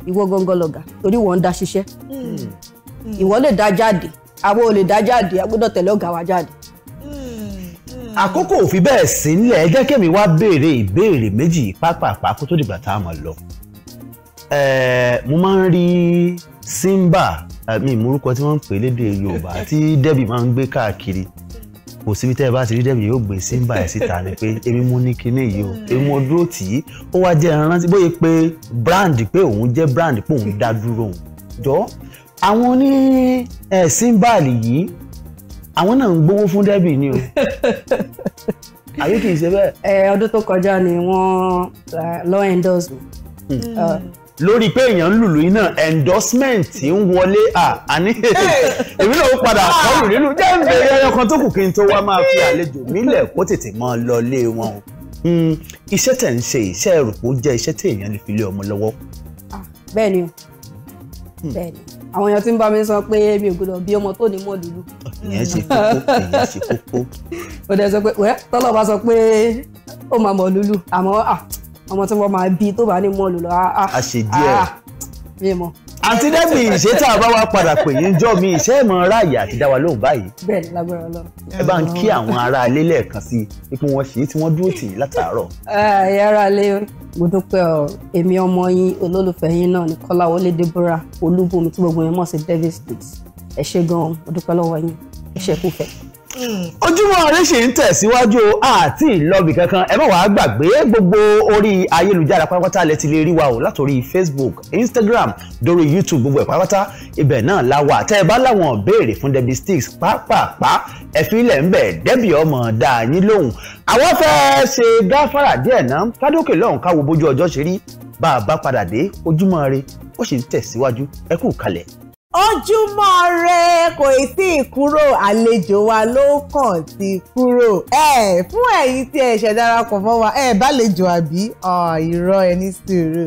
ìwọ gangan lọ̀gá torí wọ́n ń dá ṣiṣẹ́ mm, ìwọ lè dá jáde àwọn ò lè dá jáde a gbọ́dọ̀ tẹ̀lé ọ̀gá wa jáde. àkókò ò fi bẹ́ẹ̀ sílẹ̀ ẹ jẹ́ kémi wá béèrè ìbéèrè méjì pápápá kó tó dìgbà tá a máa lọ. mo máa ń rí Simba mi ìmúrúkọ tí wọ́n ń pè lédè Yorùbá tí Debbie máa ń gbé káàkiri kò síbi tẹ́ ẹ bá ti rí Debbie yóò gbé símbà ẹ̀ síta ni pé èmi mo ní kinní yìí o èmi mo dúró tì í ó wá jẹ́ rántí bóyá pé brand pé òun jẹ́ brand pé òun dá dúró òun jọ àwọn ní símbàlì yìí àwọn náà ń gbowó fún Debbie ni o àbí kì í ṣe bẹ́ẹ̀. ọdún tó kọjá ni wọ́n law endorse mi lórí pé èèyàn ń lùlù iná endorsement ń wọlé à àní èmi náà ó padà ah! kọlù nínú jẹ́ ń bèrè ẹyọ kan tó kù kí n tó wá máa fi àlejò nílẹ̀ kó tètè mọ́ ọ lọ lé wọn hmm, iṣẹ́ tẹ̀ ń ṣe iṣẹ́ ìrùpò jẹ́ iṣẹ́ tí èèyàn lè fi lé ọmọ lọ́wọ́. bẹ́ẹ̀ ni bẹ́ẹ̀ ni àwọn èèyàn tí ń bá mi sọ pé mi ò gbọdọ̀ bí ọmọ tó ní mọ́ lùlù. ìyẹn ṣe kókó ìyẹn ṣe kókó. ó dẹ̀ sọ pé tọ́lọ́ ọmọ tí wọ́n máa bí tó bá ní mọ́ọ̀lù lọ ah, ah, a ṣe díẹ̀ ah, mi mọ̀. àǹtí dẹ́bì ìṣe tá a bá wá padà pè yín jọ mi ìṣe ìmọ̀ ráàyè àti dáwà lóhùn báyìí. bẹ́ẹ̀ lágbára Ọlọ́run. ẹ bá ń kí àwọn ará ilé lẹ́ẹ̀kan sí i pé wọ́n ṣe é tí wọ́n dúró tì í látàárọ̀. ẹ yára lé mo dúpẹ́ ọ èmi ọmọ yín olólùfẹ́ yín náà ní Kọ́láwọlé Deborah Olúbùnmi tí gbogbo yẹn mọ̀ sí Davis Dix ẹ ṣé gan-an mo dúpẹ́ lọ́wọ́ yín ẹ ṣé kúfẹ́ ojúmọ́ ire ṣì ń tẹ̀síwájú àti ìlọ́bì kankan ẹ má wàá gbàgbé gbogbo orí ayélujára pátápátá lẹ ti lè rí wa o látòrí facebook instagram dórí youtube gbogbo ẹ̀ pátápátá ibẹ̀ náà la wà tẹ́ ẹ bá láwọn béèrè fún debbie sticks pápápá ẹ fi ilẹ̀ ń bẹ̀ dẹ́bì ọmọ dá yín lóhùn àwọn fẹ́ ṣe gáfárà díẹ̀ náà kádókè lọ́hùn káwo bójú ọjọ́ ṣe rí bá a bá padà dé ojúmọ́ ire ó ṣì ń tẹ̀síwájú ẹ kú kalẹ̀ ojúmọ́ rẹ kò tí ì kúrò àlejò wa ló kàn ti kúrò ẹ fún ẹ̀yin tí ẹ ṣe darapọ̀ mọ́ wa ẹ bálejò àbí irọ́ ẹ ní sùúrù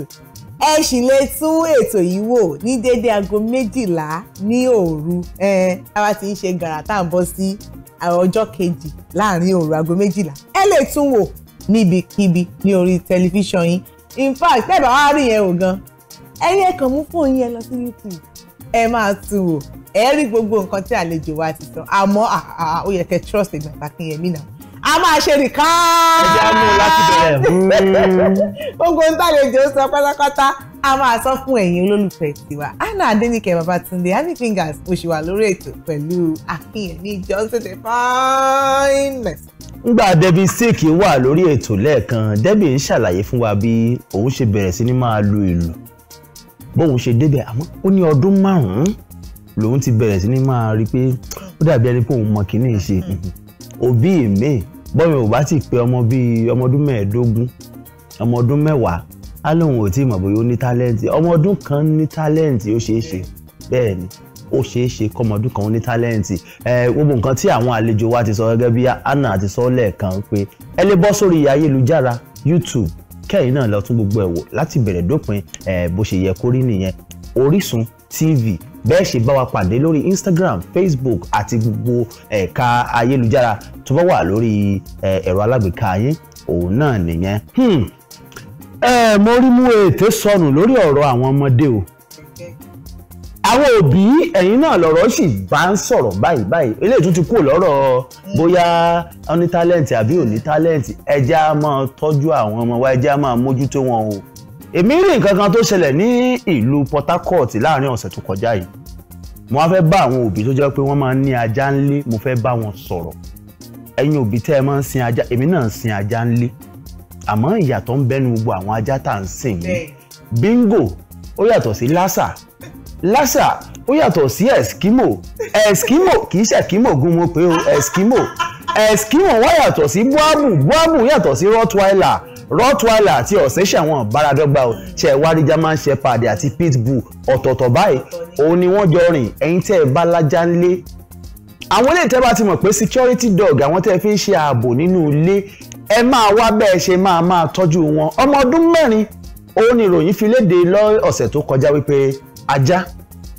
ẹ sì lè tún ètò yìí wò ní déédéé aago méjìlá ní òru ẹ àwa ti ń ṣe gàrà tá à ń bọ̀ sí ọjọ́ kejì láàrin òru aago méjìlá ẹ lè tún wò níbikíbi ní orí tẹlifíṣàn yín in fact ẹ bá wá rí yẹn o gan ẹ̀yin ẹ kàn mú fóònù yẹn lọ sí YouTube ẹ máa tún wò ẹ rí gbogbo nǹkan tí àlejò wa ti sọ àmọ́ ó yẹ kẹ́ trust Ìgbàgbé Akínyẹmí náà a máa ṣe nìkan. ẹjẹ á mú láti bẹ̀rẹ̀. gbogbo ń tàlejò sọ pátápátá a máa sọ fún ẹ̀yin olólùfẹ́ tiwa Hannah Adéníkẹ́ Babátúndé honey fingers mo ṣì wà lórí ètò pẹ̀lú Akínyẹmí Johnson the fine person ngbà Debbie Silky wà lórí ètò lẹ́ẹ̀kan Debbie ń ṣàlàyé fún wa bí òun ṣe bẹ̀rẹ̀ sí ní máa lu ìlù bóun ṣe débẹ̀ àmọ́ ó ní ọdún márùn-ún lòun ti bẹ̀rẹ̀ sí ni máa rí i pé ó dàbí ẹni pé òun mọ kìíní ṣe mm-hmm. òbí mi bọ́mi ò bá ti pé ọmọ bíi ọmọ ọdún mẹ́ẹ̀ẹ́dógún ọmọ ọdún mẹ́wàá á lóun ò tí ì mọ̀ bóyá ó ní tálẹ́ǹtì ọmọ ọdún kan ní tálẹ́ǹtì ó ṣeé ṣe bẹ́ẹ̀ ni ó ṣeé ṣe kọ́mọdún kan ní tálẹ́ǹtì gbogbo nǹkan tí àwọn àlejò wa ti sọ gẹ́gẹ́ bí Anna àti sọ́ọ́lẹ̀ kan pé ẹ lè bọ́ sórí ayélujára YouTube kẹ́yìn náà lọ tún gbogbo ẹ̀ wò láti bẹ̀rẹ̀ dópin bó ṣe yẹ kó rí nìyẹn Orísun TV bẹ́ẹ̀ ṣe bá wa pàdé lórí Instagram Facebook àti gbogbo ẹ̀ka ayélujára tó bá wà lórí ẹ̀rọ alágbèéká yín òun náà nìyẹn. Hmm. ẹ mo rí mú ètè sọnù lórí ọ̀rọ̀ àwọn ọmọdé o àwọn òbí ẹ̀yin náà lọ̀rọ̀ sì bá ń sọ̀rọ̀ báyìí báyìí eléyìí tún ti kú lọ́rọ̀ bóyá oní tálẹ́ǹtì àbí òní tálẹ́ǹtì ẹja máa tọ́jú àwọn ọmọ wa ẹja máa mójútó wọn o èmi rí nǹkan kan tó ṣẹlẹ̀ ní ìlú Port Harcourt láàrin ọ̀sẹ̀ tó kọjá yìí mo wá fẹ́ bá àwọn òbí tó jẹ́ pé wọ́n máa ń ní ajá ńlé mo fẹ́ bá wọn sọ̀rọ̀ ẹ̀yin òbí tẹ́ ẹ máa ń sin ajá èmi náà ń sin ajá ńlé àmọ́ ìyàtọ̀ ń bẹ́nu gbogbo àwọn ajá tá lásà ó yàtọ̀ sí Eskimo. ẹ̀skímò kì í ṣẹ̀kímò gún wọn pé o Eskimo. ẹ̀skímò wọ́n yàtọ̀ sí búámù búámù yàtọ̀ sí rottweiler rottweiler àti ọ̀sẹ̀ṣẹ̀ wọn báradọ́gba o ṣe ìwárí german shepherd àti pitbull ọ̀tọ̀ọ̀tọ̀ báyìí òun ni wọ́n jọ rìn ẹ̀yin tẹ́ ẹ bá lájà ńlé àwọn ilé ìtẹ́ bá ti mọ̀ pé security dog àwọn tẹ́ ẹ fi ń ṣe ààbò nínú ilé ẹ máa wá bẹ́ẹ̀ ṣe máa máa tọ́jú wọn ọmọ ọdún mẹ́rin òun ni ìròyìn fi léde lọ́ọ̀sẹ̀ tó kọjá wípé ajá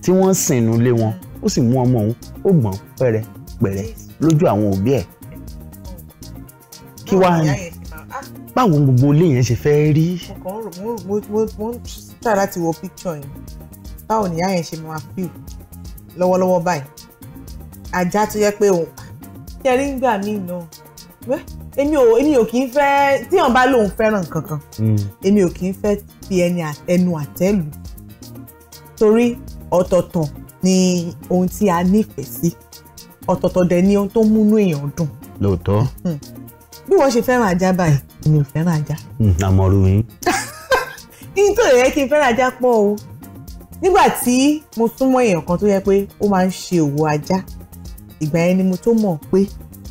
tí wọ́n sìn inú ilé wọn ó sì mú ọmọ òun ó gbọ̀n pẹ̀rẹ̀pẹ̀rẹ̀ lójú àwọn òbí ẹ̀ kí wàá báwo gbogbo ilé yẹn ṣe fẹ́ rí. mo ń tà láti wo picture yẹn báwo nìyá yẹn ṣe máa feel lọ́wọ́lọ́wọ́ báyìí ajá tó yẹ pé òun ṣe rí ń gbà mí náà èmi ò èmi ò kì í fẹ́ tíyàn bá lóun fẹ́ràn kankan hmm. èmi ò kì í fẹ́ fi ẹni ẹnu àtẹ́ lù torí ọ̀tọ̀ọ̀tọ̀ ni ohun tí a nífẹ̀ẹ́ sí ọ̀tọ̀ọ̀tọ̀ dẹ̀ ni ohun tó múnú èèyàn dùn. lóòótọ́. Hmm. bí wọ́n ṣe fẹ́ràn ajá báyìí mi ò fẹ́ràn ajá. Hmm, àmọ́rú yín. nítorí yẹ kí n fẹ́ràn ajá pọ̀ o nígbà tí mo súnmọ́ èèyàn kan tó yẹ pé ó máa ń ṣe òwò ajá ìgbà yẹn ni mo tó mọ̀ pé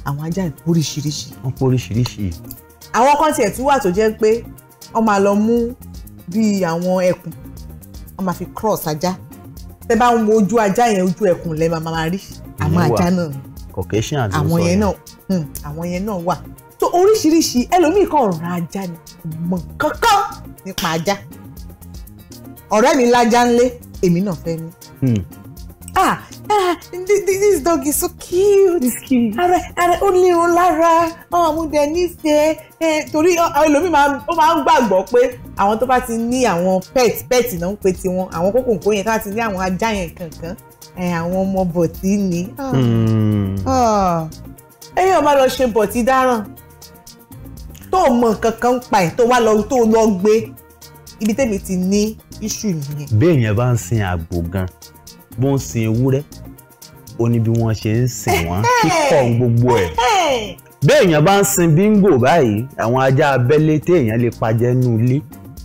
àwọn ajá ìpóríṣiríṣi. wọ́n póríṣiríṣi. àwọn kan tiẹ̀ tún wà tó jẹ́ pé wọ́n máa lọ mú bíi àwọn ẹkùn wọ́n máa fi cross ajá tẹ bá ń wo ojú ajá yẹn ojú ẹkùn lẹ máa máa rí àwọn ajá náà Caucasian àti àwọn yẹn náà hmm, àwọn yẹn náà wà tó oríṣiríṣi ẹlòmíì kan ọ̀rọ̀ ajá ni mọ̀ kankan nípa ajá ọ̀rẹ́ mi lájá ńlé èmi náà fẹ́ ní ah ah this, this dog is so cute. it's cute. ara ara ó ní irun lára ọmọ mo dẹ̀ nífẹ̀ẹ́ ẹ torí ẹlòmíì máa ó máa ń gbàgbọ́ pé àwọn tó bá ti ní àwọn pet pet náà ń pe tiwọn àwọn kókòǹkò yẹn tó bá ti ní àwọn ajá yẹn kankan àwọn ọmọ bọ̀tí ni. Ah. Hmm. Ah. ẹ̀yin ọba lọ ṣe bọ̀tí dáràn to mọ kankan ń pa ẹ̀ tó wá lọ To lọ gbé ibi tẹ́mi ti ní iṣu nìyẹn. béèyàn bá ń sin àgbò gan-an bó ń sin ewúrẹ́ ó ní bí wọ́n ṣe ń sìn wọ́n kíkọ́ gbogbo ẹ̀ béèyàn bá ń sin bíngò báyìí àwọn ajá abẹ́lé téèyàn lè pajẹ́ nù ilé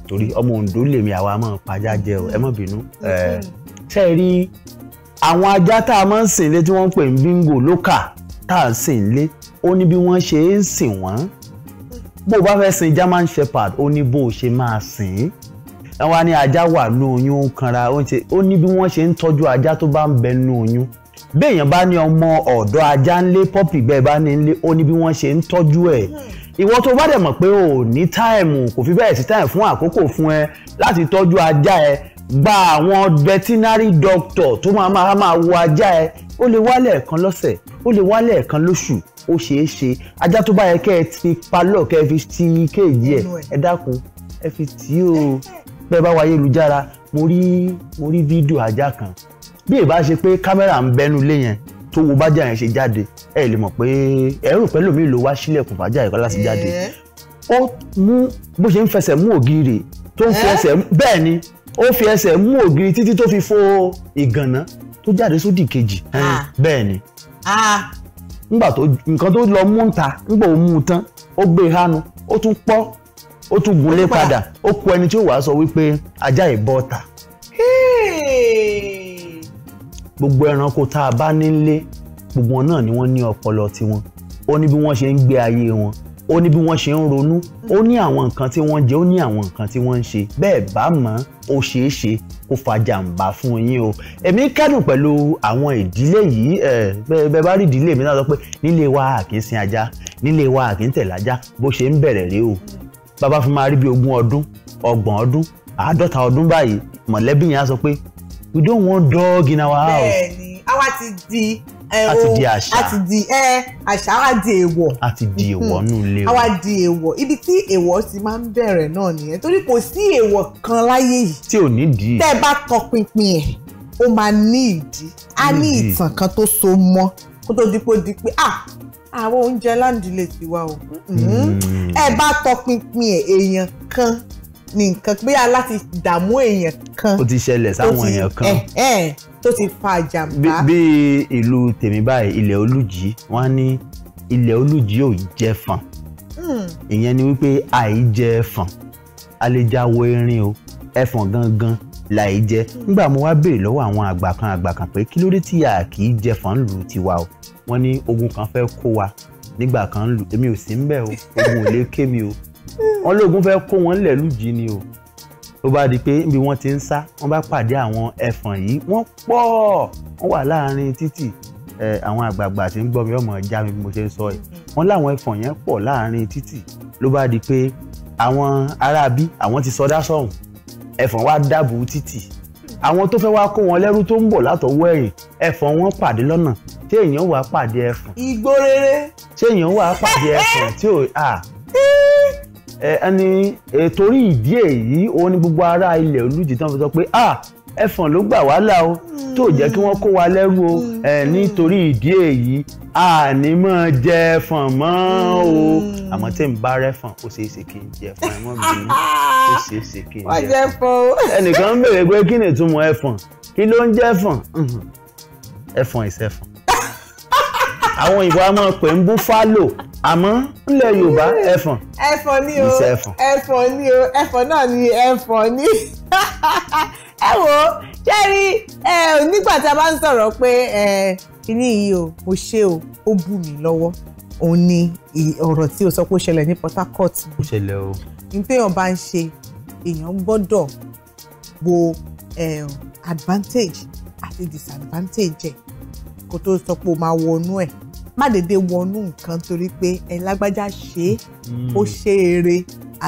torí ọmọ Ondo lèmi àwa máa pajá jẹ ẹ má bínú ṣe rí àwọn ajá tá a máa ń sìn lé tí wọ́n ń pè ní bíngò lókà tá a sìn lé ó ní bí wọ́n ṣe ń sìn wọ́n bó o bá fẹ́ sin German Shepherd ó ní bó o ṣe máa sìn ín wọ́n wá ní ajá wà nú oyún ó kanra ó ní bí wọ́n ṣe ń tọ́jú ajá tó bá ń bẹ nú oyún béèyàn bá ní ọmọ ọ̀dọ́ ajá ńlé pọ́pì bẹ́ẹ̀ bá ní ńlé ó ní bí wọ́n ṣe ń tọ́jú ẹ̀ ìwọ tó bá dẹ̀ mọ̀ pé o ní táìmù kò fi bẹ́ẹ̀ sí táìmù fún àkókò fún ẹ láti tọ́jú ajá ẹ gba àwọn veterinary doctor tó máa máa máa wo ajá ẹ ó lè wá lẹ́ẹ̀kan lọ́sẹ̀ ó lè wá lẹ́ẹ̀kan lóṣù ó ṣeé ṣe ajá tó bá yẹ kẹ́ ẹ ti palọ̀ kẹ́ ẹ fi ti kéèjì ẹ ẹ dákun ẹ fi tì í o bẹ́ẹ̀ bá wáyé lùjára mo rí mo rí fídíò ajá kan bí ìbá ṣe pé kámẹ́rà ń bẹ́nu lé yẹn tó wo bájà yẹn ṣe jáde ẹ lè mọ̀ pé ẹ̀rù pẹ̀lú mi ló wá sílẹ̀kùn bájà yẹn kọ́ láti jáde ó mú bó ṣe ń fẹsẹ̀ mú ògiri tó ń fi ẹsẹ̀ bẹ́ẹ̀ ni ó fi ẹsẹ̀ mú ògiri títí tó fi fo ìgànná tó jáde sódì kejì ah. bẹ́ẹ̀ ni ah. nígbà tó nǹkan tó lọ mú ń ta nígbà ó mú un tán ó gbé e hánu ó tún pọ́ ó tún gúnlé padà ó kú ẹni tí ó wàá sọ wípé ajá ìbọta gbogbo ẹranko tá a bá nílé gbogbo wọn náà ni wọ́n ní ọpọlọ tiwọn ó ní bí wọ́n ṣe ń gbé ayé wọn ó ní bí wọ́n ṣe ń ronú ó ní àwọn nǹkan tí wọ́n jẹ ó ní àwọn nǹkan tí wọ́n ń ṣe bẹ́ẹ̀ bá mọ̀ ó ṣeé ṣe kó fa jàǹbá fún yín o èmi kẹ́dùn pẹ̀lú àwọn ìdílé yìí ẹ bá rí ìdílé mi náà sọ pé nílé wa a kì í sin ajá nílé wa a kì í tẹ̀lé ajá bó ṣe ń bẹ̀rẹ̀ rèé o bàbá fi máa rí bí ogún ọdún ọgbọ̀n ọdún àádọ́ta ọdún báyìí mọ̀lẹ́bí yẹn á sọ pé we don't want dog in our house. bẹ́ẹ̀ni àwa ti di eh, a ti di àṣà a ti di ẹ eh, àṣà wa di èèwọ̀. a ti di èèwọ̀ nù lé o. àwa di èèwọ̀ ibi tí èèwọ̀ ti máa ń bẹ̀rẹ̀ náà nìyẹn torí kò sí èèwọ̀ kan láyé yìí. tí ò ní dì í. tẹ́ ẹ bá tọpinpin ẹ̀ ó máa ní ìdí. a ní ìtàn kan tó so mọ́ kó tó di pé ó di pé ah àwọn oúnjẹ láǹdílé ti wá o hmm. Hmm. ẹ bá tọpinpin ẹ èèyàn kan ní nǹkan pé aláti dààmú èèyàn kan ó ti ṣẹlẹ̀ sáwọn èèyàn kan tó ti fa àjàmbá. bí ìlú tèmi báyìí ilẹ̀ olùjì wọ́n ní ilẹ̀ olùjì ò jẹ́ fàn hmm. ìyẹn ni wípé àìjẹ ẹfọ̀n a lè jáwọ́ erin o ẹfọ̀n gangan láì jẹ nígbà mo wá béèrè lọ́wọ́ àwọn àgbà kan àgbà kan pé kí ló dé tí a kì í jẹfọ̀n lù tiwa o wọ́n ní ogun kan fẹ́ kó wa nígbà kan lù èmi ò sí ń o ogun ò lè ké mi o wọ́n lóògùn fẹ́ kó wọn lẹ̀ lùjì ni o tó bá di pé níbi wọ́n ti ń sá wọ́n bá pàdé àwọn ẹ̀fọ̀n yìí wọ́n pọ̀ wọ́n wà láàrin títì àwọn àgbààgbà tí ń gbọ́ mi ọmọ já mi mo ṣe ń sọ yìí wọ́n láwọn ẹ̀fọ̀n yẹn pọ̀ láàrin títì ló bá di pé àwọn aráabí àwọn ti sọdá sọ̀hún ẹ̀fọ̀n wá dábùú títì àwọn tó fẹ́ wá kó wọn lẹ́rú tó ń bọ̀ látọwọ́ ẹ̀yìn ẹ̀fọn wọn pàdé lọ́nà tí èèyàn wàá pàdé ẹ̀fọn. igbó rere. tí èèyàn wàá pàdé eh, eh. ẹ̀fọn tí ò à ẹni torí ìdí èyí òun ni gbogbo ará ilẹ̀ olùjì tán fi sọ pé ah ẹfọ̀n ló gbà wá là o mm. tó jẹ́ kí wọ́n kó wa lẹ́rú o mm. nítorí ìdí èyí àní mọ̀ jẹ ẹfọ̀n mọ́ o mm. àmọ́ tí n bá rẹ́fọ̀n ó ṣeé ṣe kí n jẹ ẹfọ̀n ẹ̀mọ́ mi ó ṣeé ṣe kí n jẹ ẹfọ̀n ẹnìkan ń béèrè pé kí ni ìtumọ̀ ẹfọ̀n kí ló ń jẹ́ ẹfọ̀n mm-hmm. ẹfọ̀n ìṣẹ̀fọ̀n àwọn òyìnbó a máa pè ń búfálò àmọ́ ńlẹ̀ yorùbá ẹfọ̀n ẹfọ̀n ni o ẹfọ̀n ni o ẹfọ̀n náà ni ẹfọ̀n ni ẹ wò ó ṣé rí nígbà tá a bá ń sọ̀rọ̀ pé kíní yìí o mo ṣe o ó bù mí lọ́wọ́ òun ni ọ̀rọ̀ tí o sọ pé ó ṣẹlẹ̀ ní Port Harcourt. ó ṣẹlẹ̀ o. ní téèyàn bá ń ṣe èèyàn gbọ́dọ̀ wo advantage àti disadvantage ẹ̀ kó tó sọ pé o máa wọnú ẹ̀ má dédé wọnú nǹkan torí pé ẹ lágbájá ṣe é hmm. ó ṣe eré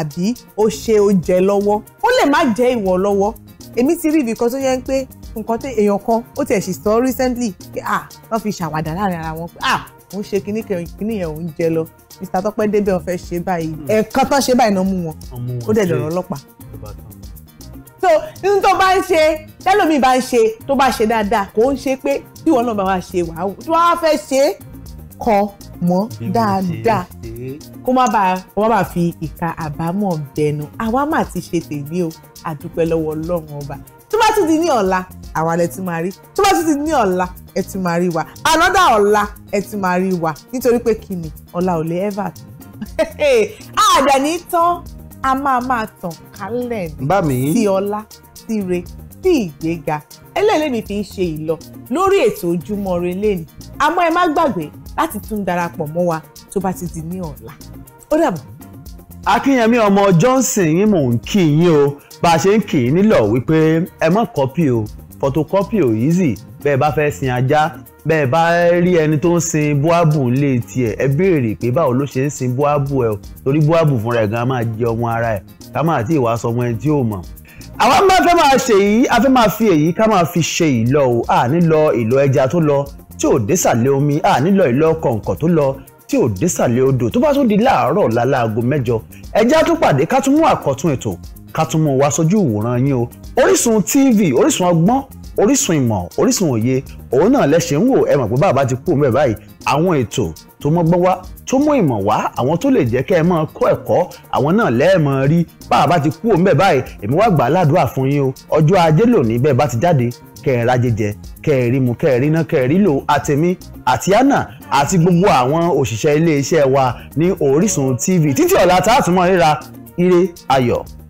àbí ó ṣe ó lọ́wọ́ ó lè má jẹ ìwọ lọ́wọ́ èmi ti rí ibi kan tó yẹ pé nǹkan tó èèyàn kan ó tiẹ̀ sì sọ recently pé ah wọ́n fi ṣàwàdà láàrin ara wọn pé ah òun ṣe kíní kíní yẹn òun jẹ lọ Mr Tọ́pẹ́ débẹ̀ ọ̀fẹ́ ṣe báyìí hmm. ẹ̀ẹ̀kan tó ṣe báyìí náà mú wọn ó dẹ̀ dọ̀rọ̀ ọlọ́pàá so nínú tó bá ń ṣe tẹ́lómi bá ń ṣe tó bá ṣe dáadáa kò ń ṣe pé tí wọn náà bá wá ṣe wàá wá fẹ́ ṣe é kọ mọ́ dáadáa kó má bàa kó má bàa fi ìka àbámọ̀ bẹnu àwa mà ti ṣe tèmi o àdúpẹ́ lọ́wọ́ ọlọ́run ọba tó bá tún di ní ọ̀la àwa lẹ ti máa rí tó bá tún di ní ọ̀la ẹ ti máa rí wa another ọ̀la ẹ ti máa rí wa nítorí pé kí ni ọ̀la ò lè ever àdàní tán a máa máa tàn kálẹ̀ ní ti ọlá síre sí ìgbéga eléyìí lèmi fi ń ṣe ìlọ lórí ètò ojúmọ́ ire lẹ́nu àmọ́ ẹ má gbàgbé láti tún darapọ̀ mọ́ wa tó bá ti di ní ọ̀la ó dàbọ̀. akínyẹmí ọmọ johnson yín mò ń kí yín o bá a ṣe ń kì í nílọ wípé ẹ mọ kọpì o photocopy ò easy bẹ́ẹ̀ bá fẹ́ sin ajá bẹ́ẹ̀ bá rí ẹni tó ń sin búábù ńlé tiẹ̀ ẹ béèrè pé báwo ló ṣe ń sin búábù ẹ o torí búábù fúnra ẹ̀ gan-an máa jẹ ọmọ ara ẹ̀ ká máa tí ìwà sọmọ ẹni tí ò mọ̀. àwa máa fẹ́ máa ṣe èyí a fẹ́ máa fi èyí ká máa fi ṣe ìlọ o à nílọ ìlọ ẹja tó lọ tí ò désàlẹ̀ omi à nílò ìlọ kọ̀ǹkọ̀ tó lọ tí ò désàlẹ̀ odò tó bá tún di láàárọ̀ lálaago mẹ́jọ ẹjẹ́ á tún pàdé ká tún mú àkọ́tún ètò ká tún mú wa sójú ìwòran yín o Orísun TV Orísun ọgbọ́n orísun ìmọ̀ orísun òye òun náà lẹ́sẹ̀ ń wò ẹ mọ̀ pé bàbá ti kú òun bẹ́ẹ̀ báyìí àwọn ètò tó mọ́gbọ́n wá tó mú ìmọ̀ wá àwọn tó lè jẹ́ kẹ́ ẹ máa kọ́ ẹ̀kọ́ àwọn náà lẹ́ẹ̀mọ́ rí bàbá ti kú òun bẹ́ẹ̀ báyìí èmi wá gbà á ládùúrà fún yín o ọjọ́ ajé lónìí bẹ́ẹ̀ bá ti jáde kẹ́ ẹ rájẹ mu kẹ́ ẹ rí lò àtẹ̀mí àti àná àti gbogbo àwọn òṣìṣẹ́ iléeṣẹ́ wa ní Orísun TV títí ọ̀la tá a tún mọ́ ríra ire ayọ̀